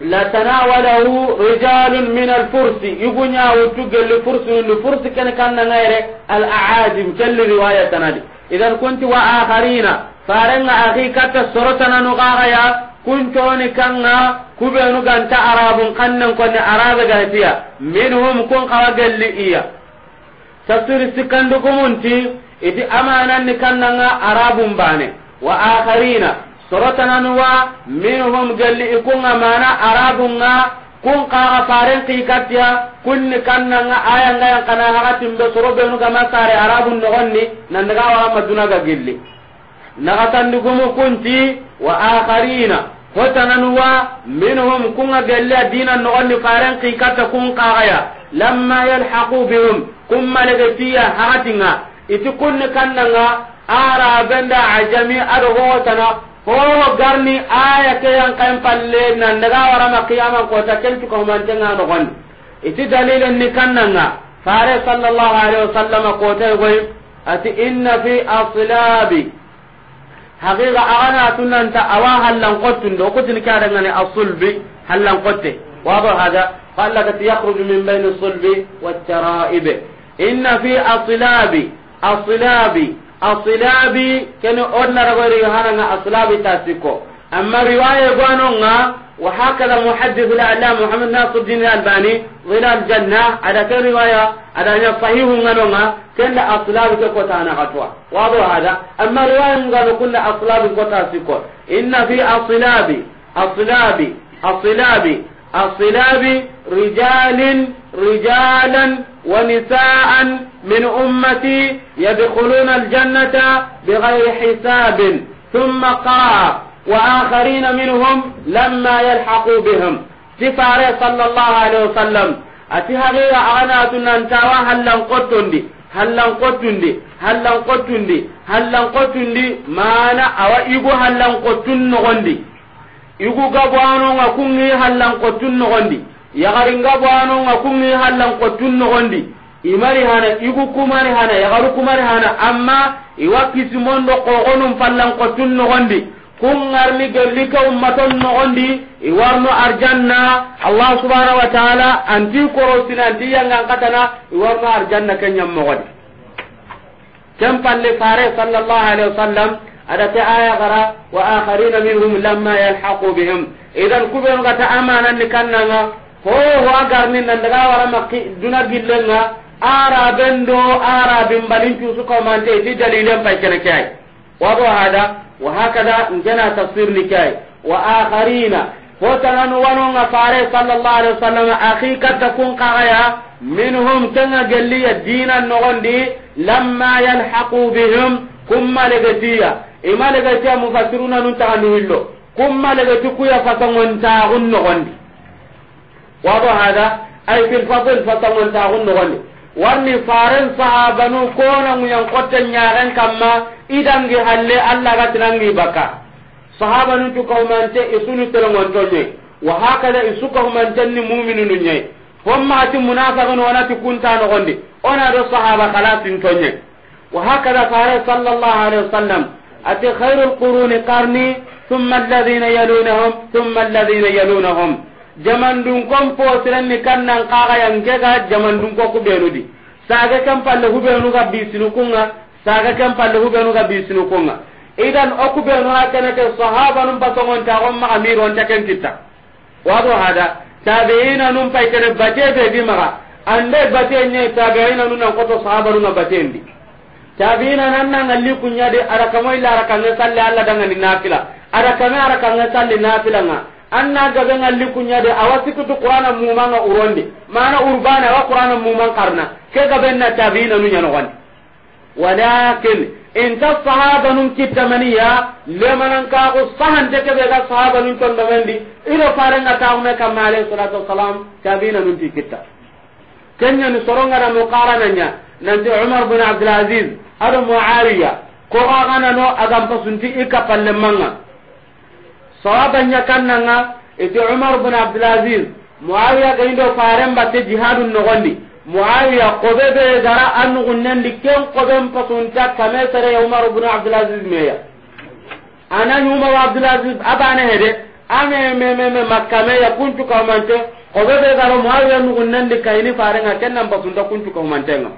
la tanawalahu rijalun min al fursi igunya wutu gelu fursi ni fursi ken kannanga ere al aajim kelli riwaya tanadi idan kunti wa akharina farenga akhi katta sorotana no ya kunconi kanga kubenu ganta arabun kannan kone arabe gatiya minhum kun kawa gelli iya tafsiri sikandu kumunti iti amananni kannanga arabun bane wa akharina sorotananwa minhum gelli ikunga mana arabunga kun kaga faren kikatiya kunni kannanga ayanga yankana hakatin be soro benu gama sare arabun nogonni nandaga wara maduna ga gelli nagatandi kumu kunti wa akharina وتننوا منهم كنا جل دينا نغني فارن قيكتا كن قاغيا لما يلحقوا bihum كما لغتيا هاتنا itikun kannanga ara benda ajami ado hotana ho garni aya ke palle nan daga wara ma qiyama ko iti dalilan ni kannanga fare sallallahu alaihi wasallam ko ta ati ina fi aslabi haqiqa aana tunanta awa hallan qottun do kutini kada ngani asulbi hallan qotte wado hada qalla kat yakhruju min bayni sulbi wat-tara'ib inna fi aslabi aslabi aslabi kana onna ragori hananga aslabi tasiko amma riwaya gwanonga wa hakala muhaddith al-a'la muhammad nasiruddin al-albani ghilal janna ada ke riwaya ada nya sahihu nganonga kenda aslab kota na katwa wado hada amma riwaya ngalo kunna aslab kota siko inna fi aslabi aslabi rijalin rijalan ونساء من أمتي يدخلون الجنة بغير حساب ثم قرأ وآخرين منهم لما يلحقوا بهم تفاري صلى الله عليه وسلم أتي أغناتنا انتوا هلا قطن دي هلا قطن دي هلا قطن دي هلا قطن دي ما أنا أو إيجو هلا قطن نغندي igu gabwanonga kungi hallankottun nogondi yagarin gabwanonga kungi hallankottun nogondi imari hana igu kumari hana yagaru kumari hana amma iwa kisimondo kogonum fallankottun nogondi kun ngarni gelli ummaton nogondi iwarno arjanna allah subhanahu wa ta'ala anti korosina anti yangan katana iwarno arjanna kenyam mogodi kem palle fare sallallahu alaihi wasallam ada ta aya gara wa akharina minhum lamma yalhaqu bihim idan kuben gata amana ni kannanga ho ho agarni nan daga wara makki duna billenga ara bendo ara bimbalin su ko kene wado hada wa hakada ngena tafsir nikai wa akharina hotananu wanonga fare sallallahu alaihi wasallam akhi katta kun qaya minhum tanga galliya dinan nogondi lamma yalhaqu bihim kumma legatiya ima legatiya mufassiruna nun tagandi hillo kumma legati kuya fasangontaxun nogondi wado hada ay fil fadl fasangontaxun nogondi warni faren sahabanu yan kotte ñaren kamma idangi halle allah ga tinangi baka sahaba nu tu kahumante isunu telongontonye wa hakada isu kahumantenni nye hommati munafiqun wonati kuntanogondi ona do sahaba kalasintonye wa hakada fare sallallahu alaihi wasallam ati khairul quruni qarni thumma alladhina yalunahum thumma alladhina yalunahum jamandun kon posirenni kannan kaga yanke ga jamandun ko kubenudi sage kan palle hubenu ga bisinu kunga saga ken palle hubenu ga bisinu kunga idan oku benu ha kana ke sahaba num patongon ta on ma amir on ta ken kitta wado hada tabi'ina num pai kene bate be bi mara ande bate nye tabi'ina num na koto sahaba num batendi tabi'ina nan nan alli kunya de arakamo ila arakanga salli alla danga ni nafila arakame arakanga salli nafila nga anna gabe ngalli kunya de awasiku tu qur'ana mumanga urondi mana urbana wa qur'ana ma karna ke gabe na tabi'ina nunya no wani walakin inta sahaba nun kittamaniya lemanan kaku sahante keɓe ga sahaba nun condomendi ido farenga taxume kamma alayhi salatu wasalam tabina nunti kitta kenyani sorongana muqarananya nanti umar bin abdulaziz aɗo moariya ko axanano agampa sunti i kappallemmanga sawabanya kannanga iti umar bin abdulaziz moawiya gaindo faren batte jihadu nogondi muawiya kobe be gara annugunnendi ken koben pasunta kame sere umar bnu abdulaziz meya anani umar abdulaziz abane hede ame mememe makkameya kuncukaumante kobe be gara muawiya nugunnendi kaini farenga kennan pasunta kuncukaumantenga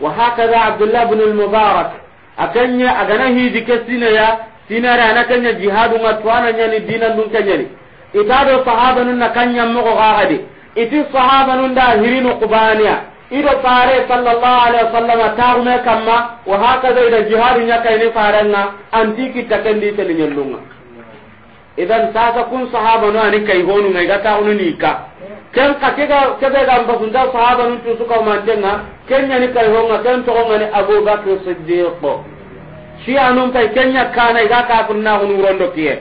wahakada abdullah bnu lmubarak akenye agana hidi ke sineya sinare ana kenya jihadunga twananyani dina dun kenyani itado sahaba nun na kanyammogo gagadi iti sahaba nun da hirinu kubaniya ido fare sallallahu alaihi wasallam taagume kamma wa haka zai da hakaza ida jihadu ñakayni farenga anti kitta kendi teli ñellunga idan sasa kun sahaba nu ani kay honunga iga taagunu ka ken ka kega kebe ga mbasunta sahaba nun tu suka mantenga ken ñani kay honga ken togonga ni abubakr siddiq shi anun kay kenya kana iga ka na hunu rondo kiye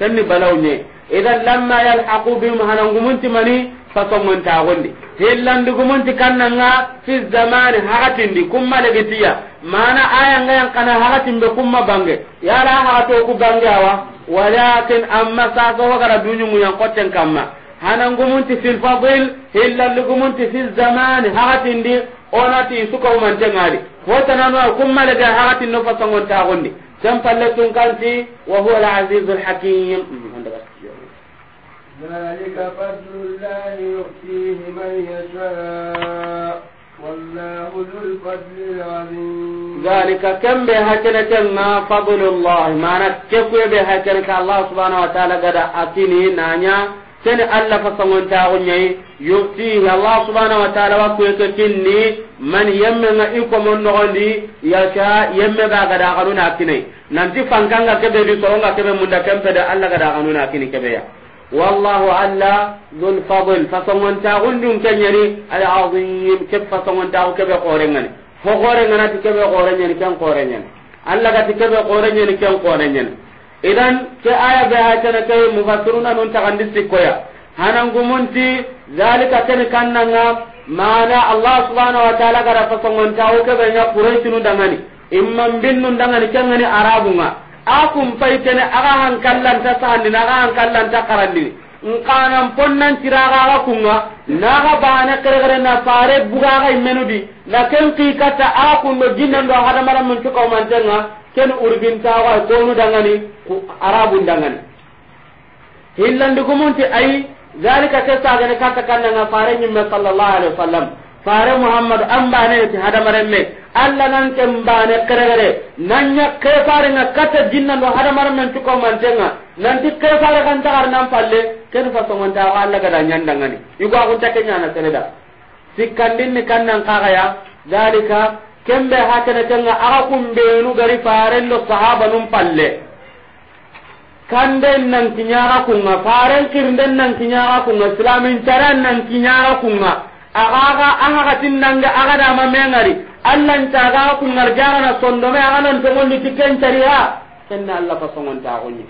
ken ni balaw ne idan lamma yalhaqu bihim hanangumunti mani fasongon tagondi hillandigumunti kannanga fi zamani hakatindi kumma legetiya mana nga yang ayanga yankana hakatimbe kumma bange yala hakatoku bange awa walakin amma sasa yang duñunguyankotten kamma ti fadil hanangumunti fi lfadil hillandigumunti fi zamani di onati sukahumantengadi hotananoa kumma lege hakatinno fasongon tagondi ken palle kanti wa huwa azizul hakim ذلك فضل الله يؤتيه من يشاء والله ذو الفضل العظيم ذلك كم بهكنك ما فضل الله ما نكفي بهكنك الله سبحانه وتعالى قد أتيني نانيا ken allah fasangontaxuñayi yuktihi allah subhanau wa taala wa kueke kinni man yemmenga i komon noxondi yasha yemme ga gadaxanuna kinayi nanti fankanga keɓe di soronga keɓe munda da allah gadaxanuna kini wallahu alla dhul fadl fasongonta gundun kenyeri al azim ke fasongonta ke be qorengani fo qorengana ti ke be qorenyani ken qorenyani alla ga ti ke be qorenyani ken qorenyani idan ke aya be ha tana ke mufassiruna non ta gandi sikoya hanan gumunti zalika ken kannanga mana allah subhanahu wa ta'ala gara fasongonta ke be nya quraishinu dangani akum kumpai kene aga hankallanta sahandini aga hankallanta in nkanan ponnan tiraga aga kunga ga bana kare na fare buga ga menudi na ken hada aga mun ko man cukaumantenga ken urgintawa konu dangani arabun dangani gumunti ayi zalika ne kata kallan na fare ñimme sallallahu alaihi wasallam fare muhammadu an bane ti hadamaren me allah nan kare bane nan ya ke fare nga kata jinna do hadamaren men man ko nan ti kai fare kan tagar nan palle ken fa songonta wa allah ngani nyandangani yugo akun take na seleda sikkandin ni nan kaga ya dalika kembe aka tenga aga nu gari fare lo sahaba num palle kanden nan kinyara kunga faren kirnden nan kinyara kunga islamin taran nan kinyara kunga agaga aga tindanga aga da ma mengari allan ta ga ku ngarjara na sondo me aga nan to ngoni tikken tariya kenna allah fa songon ta gonni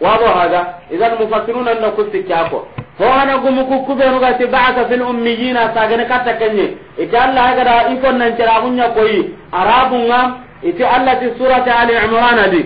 wa ba hada idan mufassiruna na ku tikya ko ho ana gumu ku ku be no ga tibaka fil ummiyina ta ga ka kenye ita allah ga da ikon nan tira gunya koyi arabunga ita allah ti surata ali imran di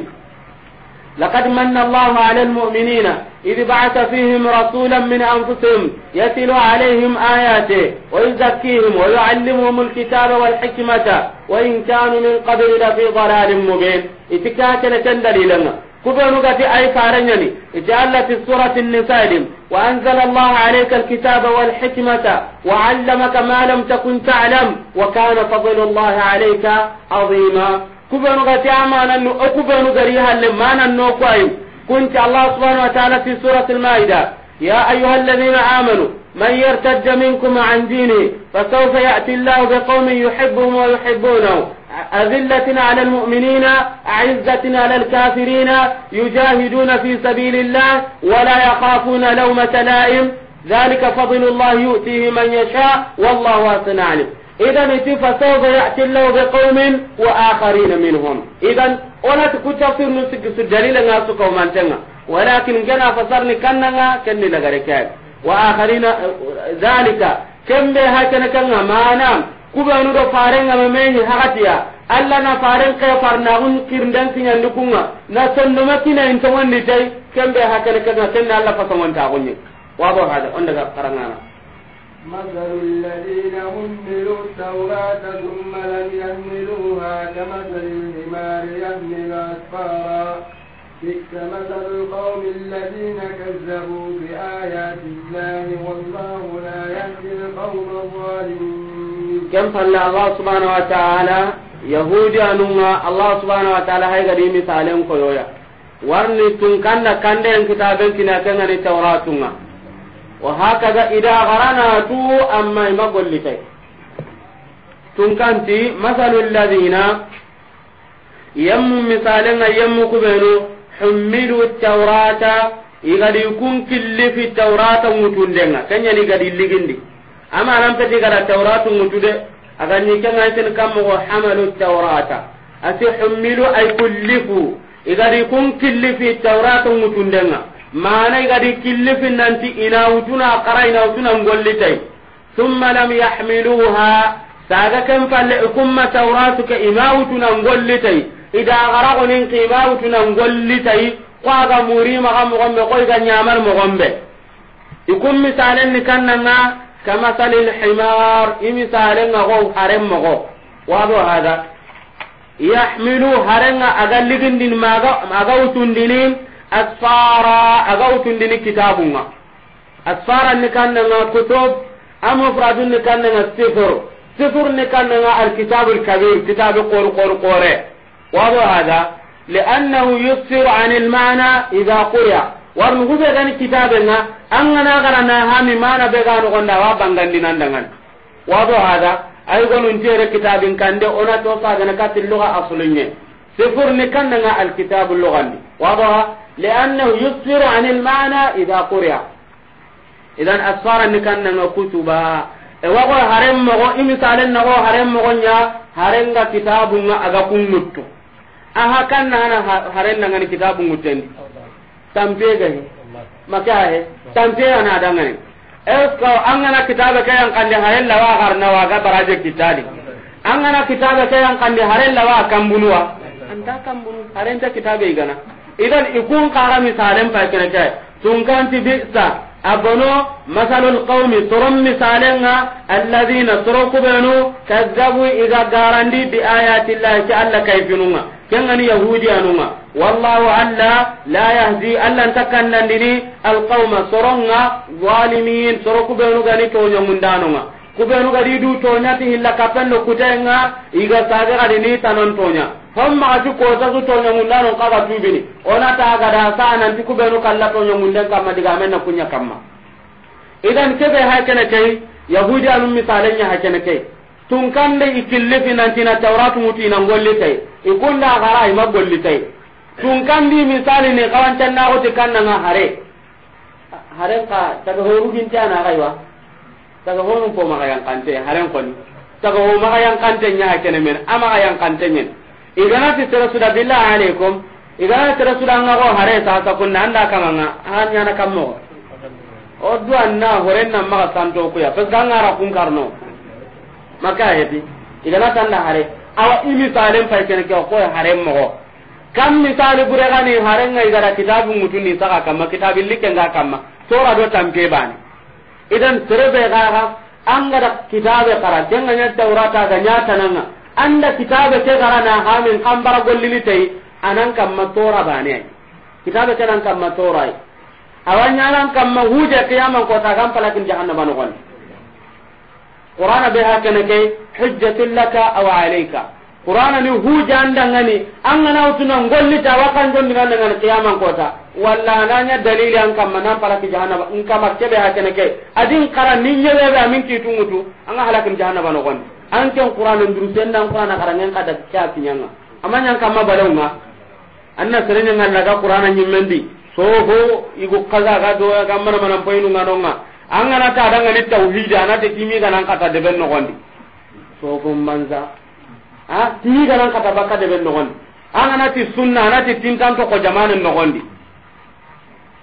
لقد من الله على المؤمنين إذ بعث فيهم رسولا من أنفسهم يتل عليهم آياته ويزكيهم ويعلمهم الكتاب والحكمة وإن كانوا من قبل لفي ضلال مبين إتكاكنا لنا كبرنك في أي فارنني جعل في سورة النساء وأنزل الله عليك الكتاب والحكمة وعلمك ما لم تكن تعلم وكان فضل الله عليك عظيما kubenu gati amanannu o kubenu gari halle mananno ko ayi kunti allah subhanahu wa ta'ala fi suratul maida ya ayyuhalladhina من يرتد منكم عن دينه فسوف يأتي الله بقوم يحبهم ويحبونه أذلة على المؤمنين أعزة على الكافرين يجاهدون في سبيل الله ولا يخافون لومة لائم ذلك فضل الله يؤتيه من يشاء والله واسع عليم idan iti fasawfa yati llahu biqaumin wa akharina minhum idan onati ku tafsir nu sigisu dalila nga su kaumantenga walakin gana fasarni kannanga kenni lagare kay wa akharina zalika kembe hakana kanga mana kubanu do farenga memeni hakatiya alla na faren kay farnaun kirndan tinya nukunga na sonno makina intawan ni tay kembe hakana kanga kenna alla fasamonta gonye wa bo hada on daga karangana مثل الذين حملوا التوراة ثم لم يحملوها كمثل الحمار يحمل أسفارا بئس مثل القوم الذين كذبوا بآيات الله والله لا يهدي القوم الظالمين كم صلى الله سبحانه وتعالى yahudi anunga allah subhanahu wa ta'ala hay gadi misalen koyoya warni tun kanda kanda en kitaben kina kanga ni tawratunga وهكذا إذا غرناتو أما ما قلتك تنكنتي مثل الذين يم مثالنا يم كبنو حملوا التوراة igadi kun killi fi tawrata ngutundenga kanya ni gadi ligindi ama nan gara ngutude aga ni kanga ten kammo ko hamalu tawrata ati humilu ay kullifu igadi kun killi fi tawrata manai gadi killifin ina wutuna kara ina wutuna ngollitay thumma lam yahmiluha saga ken palle ikumma tawratuka ima wutuna ngollitay ida garagonin kima wutuna ngollitay kwaga muri maga mogombe koyga ñamar mogombe ikum misalen ni kannanga kamasali lhimar i misalenga go haren mogo wado hada yahmilu harenga aga ligindin maga aga wutundinin asfara aga utundini kitabunga asfara ni kannanga kutub amufradun ni kannanga sifr sifr ni kannanga alkitabul kabir kitabu qor qor qore wado hada لأنه يفسر عن mana إذا قرأ warnu hube gani kitabe nga an gana gara na hami mana be gano gonda wa bangan dinan dangan wado hada ay gonu ntere kitabin kande ona to sa gana katil lugha asulunye sifur ni kannanga alkitabul lughani wado لأنه يصدر عن المعنى إذا قرئ إذا أسفار نكنا كتبا wago haren mogo imisalen nago haren mogo nya haren kitabu nga aga kunnuttu aha kan nana haren na ngani kitabu ngutendi tampe gani maka he tampe ana dangani esko angana kitaba kayan kande haren lawa garna wa ga baraje kitali angana kitaba kayan kande haren lawa kambunuwa anda kambunu haren ta kitabe igana idan ikun kaga misalen fa kene kai tun ti bisa agono masalul qaumi turum ga alladina turuku banu kazzabu iga garandi bi ayati llahi ta alla kan ani yahudi anunga wallahu alla la yahdi alla dini alqauma turunga zalimin turuku banu gani tonya mundanunga kubenu gadi du to nyati hilla kapenno kutenga iga sagara dini tanon tonya hom maxati kotasu toñomundanon kaga tubini onata agada sa nanti kubenu kalla toñomunden kamma digamen na kuña kamma idan keɓe ha kene key yahudi anum misalenya ha kene key tun kande i killifi nantina tawratumutu ina golli tay i kunda xara ima golli tay tun kandi misali ni xawancannaxoti kannanga hare haren ka taga horuginteanaxaywa taga honum fo maxa kante haren koni taga ho maxa yankante ñaha kene men a maxa kante nya iganati terasuda billahi alaikum igana terasuda nga ko hare sasa kunna anda kamanga hanyana kammo o duwa na hore na maka santo kuya parce que angara kun karno maka heti igana da hare awa i misalen fay kene ke ko hare mo kam misali bure gani hare nga igara kitabu mutuni saka kama kitabi like nga kama tora do tamke bani idan terebe ga ga angara kitabe kara jenga nya taurata ga nya tananga anda kitabe ke garana hamin kambara gollini tay anan kam tora bane ay kitabe ke nan kamma tora ay awanya nan kam huje qiyamam ko tagam palakin jahannama no gon qur'ana be kana ke hujjatul laka aw alayka qur'ana ni huje andangani angana utuna golli ta wakan don dinan nan qiyamam ko ta walla nanya dalili an kam nan palakin jahannama in kam ke be kana ke adin qara ni be amin ki tungutu anga halakin jahannama no gon an ken qur'anin duru sen dan qur'ana karangen kada kya nyanga amanya kama balonga anna serenya ngalla ga qur'ana nyimendi so ho igu kaza ga do ga mana mana poinu ngadonga angana ta adanga ni tauhid te kimi ga nan kata deben no gondi so ko manza ha kimi ga nan kata baka deben no gondi angana ti sunna anate tinkan to ko jamanen no gondi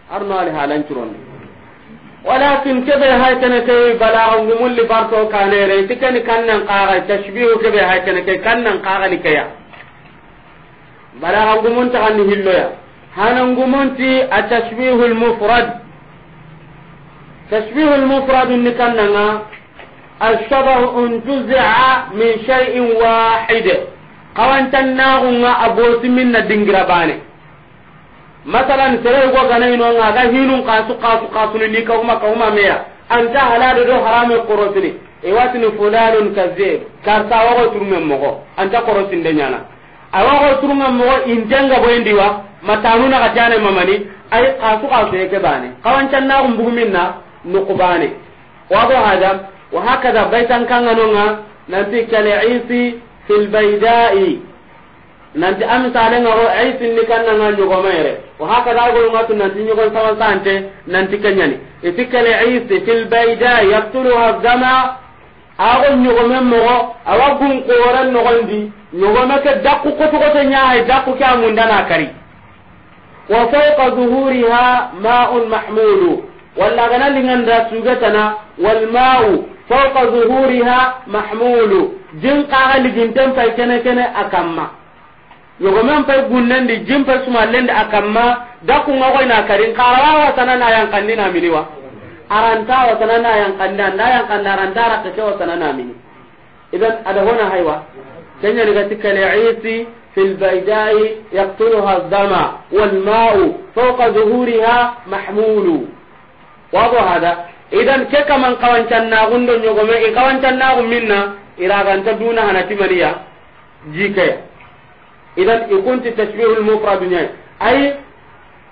arno ali halan curondi walakin kebe haytene ke balaga ngumulli barto kanere tikani kannan qara tashbihu kebe haytene ke kannan qara ni kaya balaga ngumun ta kan hilloya hana ngumunti atashbihu almufrad tashbihu almufrad ni kannanga الشبه أن تزع من شيء واحد قوان تناغنا أبوس من الدنجرباني masalan sere go gana ino nga ga hinun qasu qasu qasu ni ka uma ka kuma meya anta halado do harame korosini e watni fulanun kazzeb ta wago turme mogo anta korosin de nyana awago turme mogo injanga boyndi wa matanuna ka tane mamani ay su ka e ke bane kawan na gum buguminna nuqbane wado hada wa hakada baitan kanga nonga nanti kale isi fil baydai nanti amisane ngaro ay sinni kanna nga nyogo mere wa haka da go ngatu nanti nyogo sawan sante nanti kanyani itikale ayis fil bayda yaqtuluha zama ago nyogo mem mo awa gun ko ran no gondi nyogo ke dakku ko to ko nyaa dakku kya mundana kari wa fawqa zuhuriha ma'un mahmulu walla gana lingan da tana wal ma'u fawqa zuhuriha mahmul jin qaali ligin tan fay kene kene akamma yogo men pay gunnendi jim pay suma lendi akamma daku ma koy na karin qarawa wa sanana yang kandina miniwa aranta wa sanana yang kandina nda yang kandara ndara ke wa sanana mini idan ada hona haywa kenya ni gatika le isi fil baidai yaqtuluha dama wal ma'u fawqa zuhuriha mahmulu wa bo hada idan ke kaman kawancan na gundo nyogo men e kawancan na gumminna iraganta duna hanati maria jikaya idan ikunti tashbihul mufrad nya ay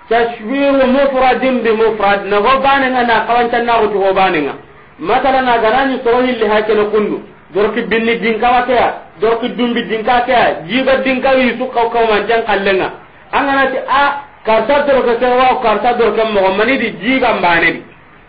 tashbihu mufradin bi mufrad na go bane na kawancan na go go bane na matala na ganani soro hilli hakene kundu dorki binni dinka wakaya dorki dumbi dinka kaya jiba dinka yi su kaw kaw man jan kallenga angana ti a karta dorka sewa karta dorka mo mani di jiba mbane di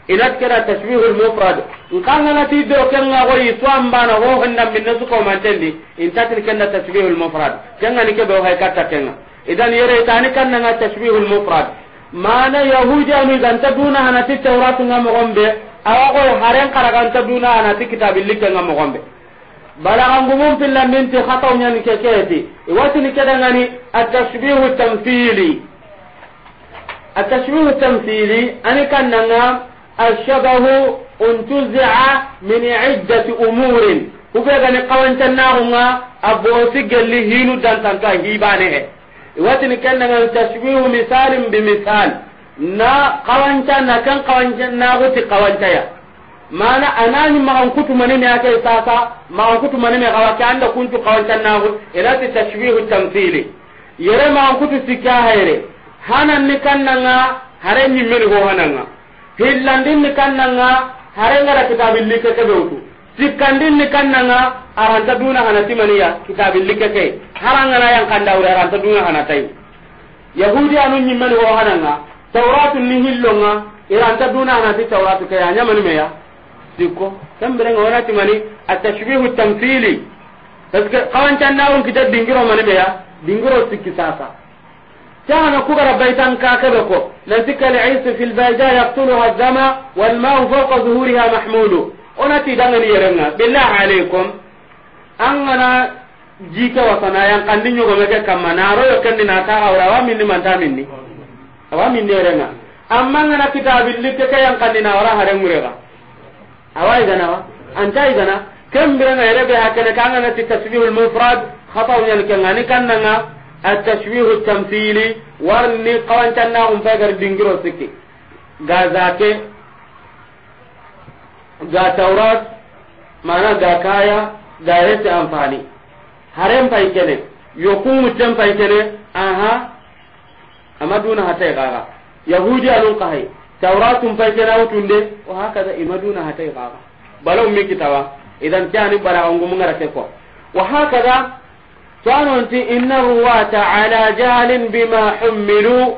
idat kera tashbih almufrad nkangana ti do kenga go yitu ambana ho honna minna su ko mantendi intatil kenna tashbih almufrad kenga ni kebe hay katta kenga idan yere tani kanna nga tashbih almufrad mana yahudi anu ganta duna hanati tawratu nga mogombe awa go haren karaganta duna hanati kitabilikke nga mogombe bala angumum pillandinti hataw ñani ke keeti iwatini kedangani atashbihu tamthili atashbihu tamthili ani kannanga الشبه انتزع من عدة أمور وكذا نقوان تناهما أبو سجل لهينو دانتان كهيبانه واتن كان تشبيه مثال بمثال نا قوان تنا كان قوان تنا غتي قوان تيا mana anani magan kutu manene ake sasa magan kutu manene gawa ke anda kuntu kawantan nahu ta tashbihu tamthili yere magan kutu sikya hayre hanan ni kannanga hare nyimmeni ho hananga hillandin ni kannanga harengara kitabilli kekebe utu sikandin ni nanga aranta duna hana timaniya kitabilli keke na yang kandawre aranta duna hana tayu yahudi anu nyimmani ho nga tauratu ni hillonga iranta duna hana ti tauratu ke anyamani meya sikko kambirenga wona timani atashbihu tamthili parce que kawancanna on kita dingiro mani meya dingiro sikki sasa كان كبر بيتا كاكبكو لذك العيس في البيجاء يقتلها الدم والماء فوق ظهورها محمول onati dangani yerenga billah alaikum angana jike wasana yang kandi nyogo meke kamma naro yo kendi na ta awra wa minni manta minni awa minni yerenga amma ngana kitabil likke ke yang kandi na wara hare murega awa igana wa anta igana kembira na yerebe hakene التشويه التمثيلي ورني قوان تناهم فاقر دنجرو سكي غا ذاكي غا تورات معنى غا كايا غا هس أنفاني هرين فايكني يقوم تم فايكني أها أما دون هتاي غاغا يهودي ألون قهي تورات فايكنا وتندي وهكذا إما دون هتاي غاغا بلو ميكي توا إذا كان بلا أنغم غرسي وهكذا tanonti ina ruwata ala jahlin bima hummilu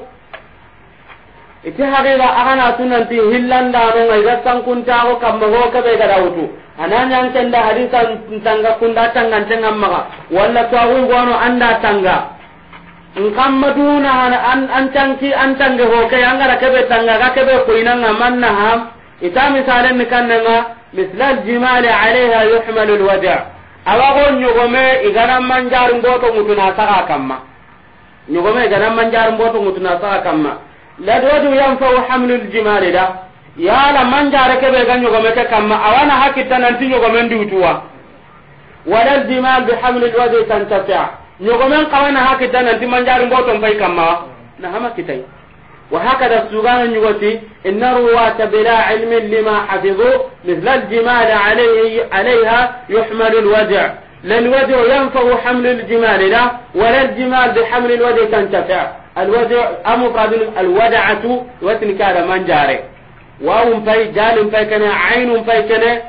iti haqiqa agana tunanti hillandanonga iga sankuntaxo kamma ho keɓe gada wutu ananyan kenda hadisa ntanga kunda tangantengan maga walla twaxuigoano anda tanga nkamma duna an an tange hoke angara keɓe tanga ga keɓe koinanga mannaham ita misalen ni kannanga misla aljimali alayha yuhmalu lwada awa go nyogome igana manjar mboto mutuna saka kamma nyogome igana manjar mboto mutuna saka kamma la dodu yanfa'u hamlul jimali da yala manjare be ga nyogome ke kamma awana hakita ti nyogome ndi utuwa wala jimal bi hamlul wadi tantafi'a nyogome kawana hakita ti manjar mboto mbai kamma na hama kitai وهكذا السوغان يغتي إن الرواة بلا علم لما حفظوا مثل الجمال عليه عليها يحمل الوجع لا الوجع ينفع حمل الجمال لا ولا الجمال بحمل الوجع تنتفع الوجع أمفرد الودعة وتن كان من جاري واو فاي جال فاي كان عين فاي كان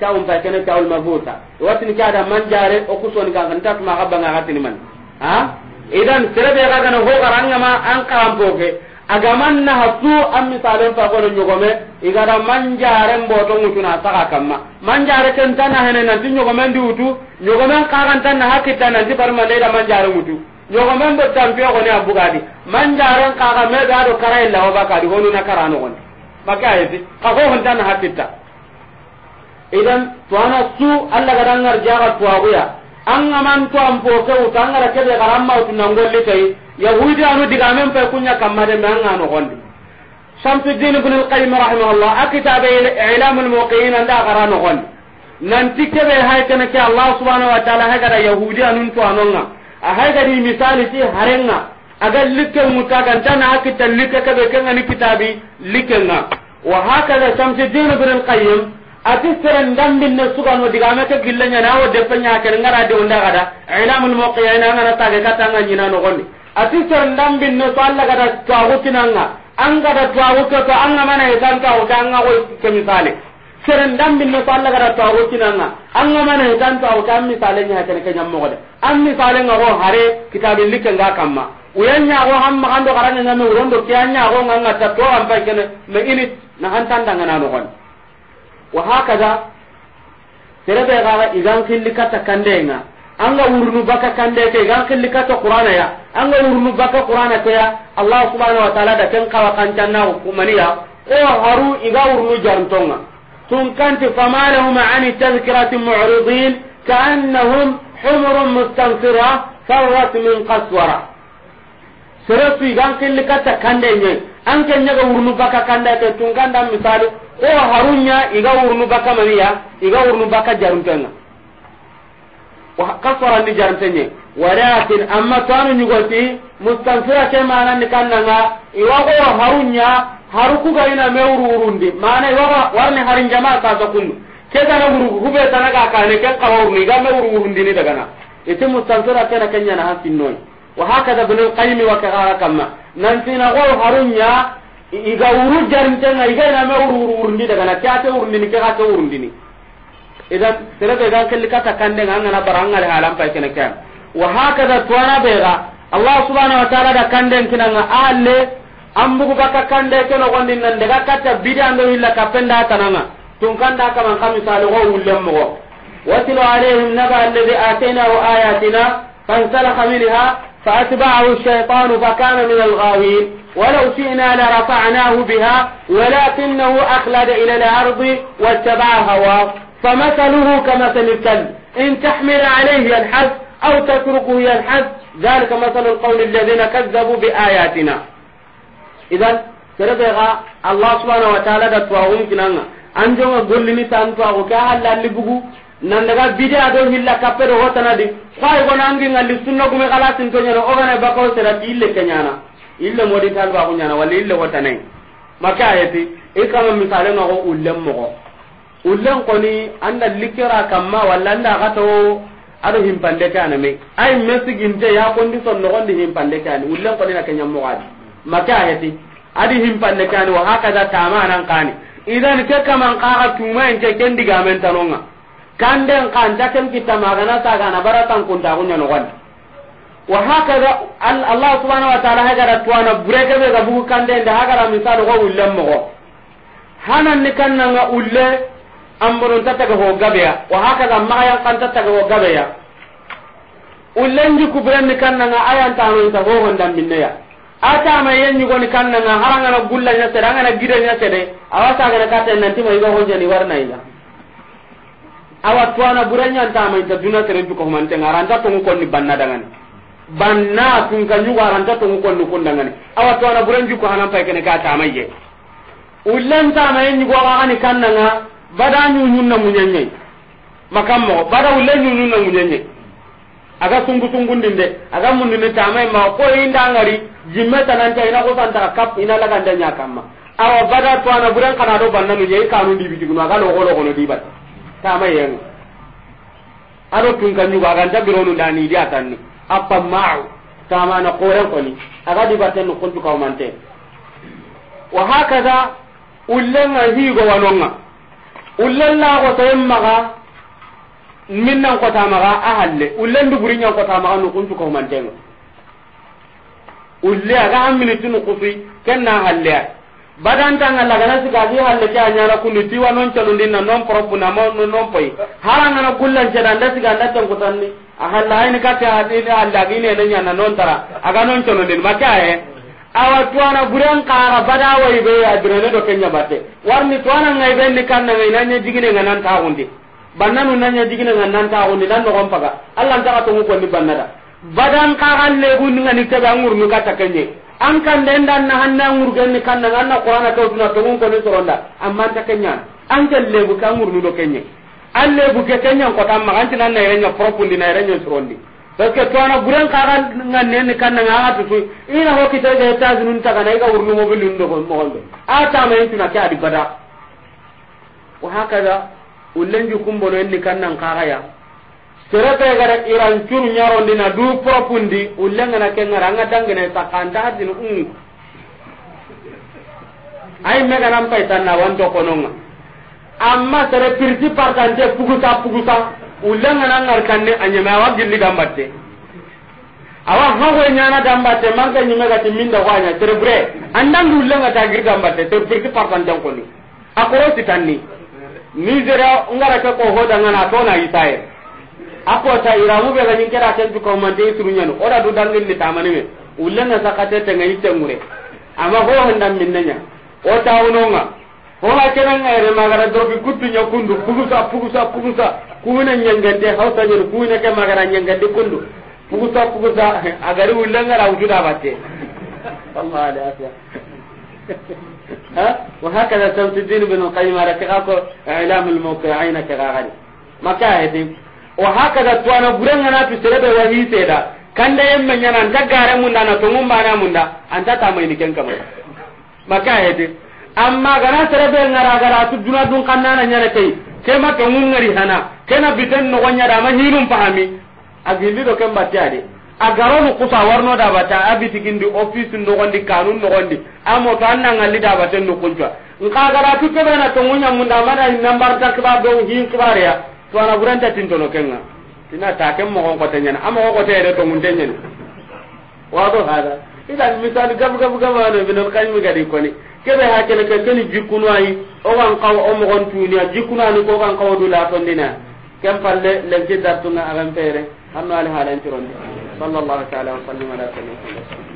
تاو فاي كان تاو المبوسة وتن كان من جاري أقصون كان تسمع غبنا غتن من ها إذا سربي غدنا هو غرنا ما أنقام فوقه agaman na hasu an misalen fa ko nyogome igara manjare mboto mutuna saka kamma manjare tan tan hene nan tin nyogome ndi utu nyogome karan tan na hakita nan di barma leeda manjare mutu nyogome ndo tan pe ko ne abugadi manjare kaga me da do karai lawa baka di honu na karano gon maka ayati ka ko hon tan hakita idan to ana su Allah gadangar jaga tuwa anga man to am po ke uta anga rake be garamma utu nangolli tay yahudi anu diga men pe kunya kamade me anga no gondi Shamsuddin ibn al-Qayyim rahimahullah akitabe ilam al-muqin anda garano gondi nanti kebe hay kana ke Allah subhanahu wa ta'ala ha gara yahudi anun to anonga a hay gari misali ti harenga aga likke mutagan tana akita likke kebe kenga ni kitabi nga. wa hakaza Shamsuddin ibn al-Qayyim ati seren dambin ne sugano diga me ke gille nya nawo de penya ke ngara de unda kada ilamul na ngana tage kata nga nyina no gonni ati seren dambin ne salla kada tawu kinanga anga da tawu ke to anga mana e tan tawu kanga ko ke misale seren dambin ne salla kada tawu kinanga anga mana e tan tawu kan misale nya ke ke nyammo gode an misale nga ho hare kitabin like nga kamma uyanya ho hamma kando karanya nyame urondo kiyanya ho nga ngata to am pa kene me ini na hantan danga na no gonni wa hakaza serebe gara igan killi kata kandenga anga urnu baka kande ke igan killi kata qur'ana ya anga urnu baka qur'ana ke ya allah subhanahu wa ta'ala da kan kawa kancanna kumaniya ko haru iga urnu jarntonga tun kanti famalahum ani tadhkiratin mu'ridin ka'annahum humurun mustanfira farrat min qaswara seresu igan killi kata kandenga an ken nyaga wurnu baka kanda ke tun kanda misali ko harunya iga wurnu baka maniya iga wurnu baka jarumtenga wa kasara ni jarumtenye walakin amma tanu nyugoti mustanfira ke mana ni kanda nga iwa ko harunya haru ku ga ina mewuru urundi mana iwa ko warne harin jamaa ta ta kullu ke na wuru hube tanaga kane ken kawuru ni ga mewuru urundi ni daga na ite mustanfira ke na kenya na noi. wa hakada ibn al-qayyim wa kaghara kamma nan tina go harunya iga uru jarintanga iga na me uru uru urndi daga na kyate urndi ni kaga to urndi ni idan serebe ga kelli kata kande nganga na baranga le halam pa kene kyan wa hakada tuana bega allah subhanahu wa ta'ala da kande kinanga alle ambugu baka kande keno gondi nan daga kata bidan do illa kapenda tananga tun kanda kama kamisalo go ullem go واتل عليهم نبأ الذي آتيناه آياتنا فانسلخ منها فأتبعه الشيطان فكان من الغاوين ولو شئنا لرفعناه بها ولكنه أخلد إلى الأرض واتبع هواه فمثله كمثل الكلب إن تحمل عليه الحد أو تتركه يلحد ذلك مثل القول الذين كذبوا بآياتنا إذا كرتغا الله سبحانه وتعالى دتوا هم كنانا أنجوا قل لي تانتوا وكا هل nan daga a don hilla kappe do hotana di fay go nangi ngali sunna gumi kala tin to nyaro ogana bakaw sera ille kenyana ille modi talba ko nyana wala ille hotana maka ayati e kama misale no go ullem mo go ullem ko ni anda likira kamma walla anda gato ado himpande kana me ay mesiginte ya condition no gondi himpande kana ullem ko ni na kenyam mo gadi maka ayati adi himpande kana wa hakaza ka ni idan ke kaman kaga tumaen ke kendiga men tanonga kanden kan takem kita magana saga na baratan kunta kunya no gwan wa hakaza Allah subhanahu wa ta'ala hagara tuwana bureke be gabu kanden da hagara misal go ullem mo hanan ni kanna nga ulle amburun tataga ho gabeya wa hakaza ma yan kan tataga ho gabeya ullen ji kubren ni kanna nga ayan tanu ta ho hondan minneya ata ma yen ni goni kanna nga haranga na gullanya sedanga na gidanya sede awasa ga na katen nan timo iga honje ni warna ila awa tuana buranya anta ma ita duna sere ju ko mante ngaranta to ko ni banna dangan banna kun kan yu garanta to ko ni kun dangan awa tuana buranju ko hanan pay kene ka ta maye ullan ta ma yin go ani kannanga bada nyu nyun na munyenye makammo bada ullan nyu nyun na munyenye aga sungu sungu ndinde aga mundu ne tama ma ko inda ngari jimme tanan ta ina ko santa kap ina laga ndanya kama awa bada tuana buran kana do banna nu ye kanu dibi digno aga lo go lo go no dibat tama yen aro tun kan nyugo aga nda bironu dani dia tanni appa ma'u tama na qoren koni aga di baten ko tu kawmante wa hakaza ullenga higo wanonga ullella ko tayemmaga minnan ko tamaga ahalle ullen du burinya ko tamaga no kuntu kawmante ulle aga amini tunu kufi kenna halle badantanga lagana sigagi halle ke anyana kundi tiwa non calundinna non propuna na non poyi harangana gullanceɗa anda siga anda tenkutanni ahalla hayni kake halle aginene ñanna non tara aga non calundin make eh? aye awa tuwana buren kara bada wayi be ne do kenya batte warni tuwana ngai be ni kanna ngai nanya jigine ngai nan tawundi bannanu nanya jigine ngai nan tawundi nan nogon paga allah ntaka to ko ni bannada badan kara le gunni ngani tabe angurnu kata kenye an kan den dan na an ngurgen ni kan an na qur'ana to suna to mun ko ni soronda amma ta kenya an kan lebu kan ngurnu do kenya an lebu ke kenya ko tan ma an tinan na yerenya propundi na yerenya sorondi parce que to ana guren ka kan ngan ne ni kan nan aga tutu ina ho kita ga ta zunun ta kana ga urnu mo bilun do mo hondo a ta ma yin tuna ka di bada wa hakaza ullenju kumbono ni kan nan ka ya serebe gara iran curu nyarondi na du propundi ullengana kengara anga dangene sakanda hadin um ay mega nam pay tan na wanto kononga amma sere pirti partante pugusa pugusa ullengana ngar kanne anyama wa gilli gambatte awa hago nyana gambatte manga nyime ga timinda wanya sere bure andan ullenga ta gir gambatte sere pirti partante koni akoro sitanni ni zera ngara ka ko hoda ngana to na isaye akota iramu be ganin kera tan du ko man de surunya ora oda du dangin ni tamani me ullana sakate tanga yitte ngure amma ho handa minnanya o nga ho ha kenan ngare magara bi kuttu nya kundu pugusa pugusa pugusa kuuna nyangande hausa nyen kuuna ke magara nyangande kundu pugusa pugusa agari ullanga ra ujuda batte Allah ala asya ha wa hakaza samsuddin bin qayyim ara kaga ko i'lam al-muqi'ina kaga gari maka hadim o haka hakada tuwana burengana tu serebe wa hiseda kanda yemme nyana anta gare munda na tongum bana munda anta tamaini ken kamara maka hede amma gana serebe ngara gara tu duna dun kanna na nyana kai kema ke ngari hana kena biten no gonya da ma hinum pahami agindi do kem batade agaronu kusa warno da bata abiti gindi office no gondi kanun no gondi amma to anna ngalli da bata no kunjwa nka gara tu kebe na tongunya munda mada nambar takba do hin ya to ana buranta tono kenga ina ta ken mogon kote ñani a to mun den tongunte Wa do hada idan misal gab gab gab bin al kañmi gadi koni kebe ha kene ke keni jikkunu ayi wan qaw o mogon tuniya jikkunu ni ko gan kaw du dina ken palle lenki dartunga agan pere hanno halan tironde sallallahu taala wa sallam ala sayyidina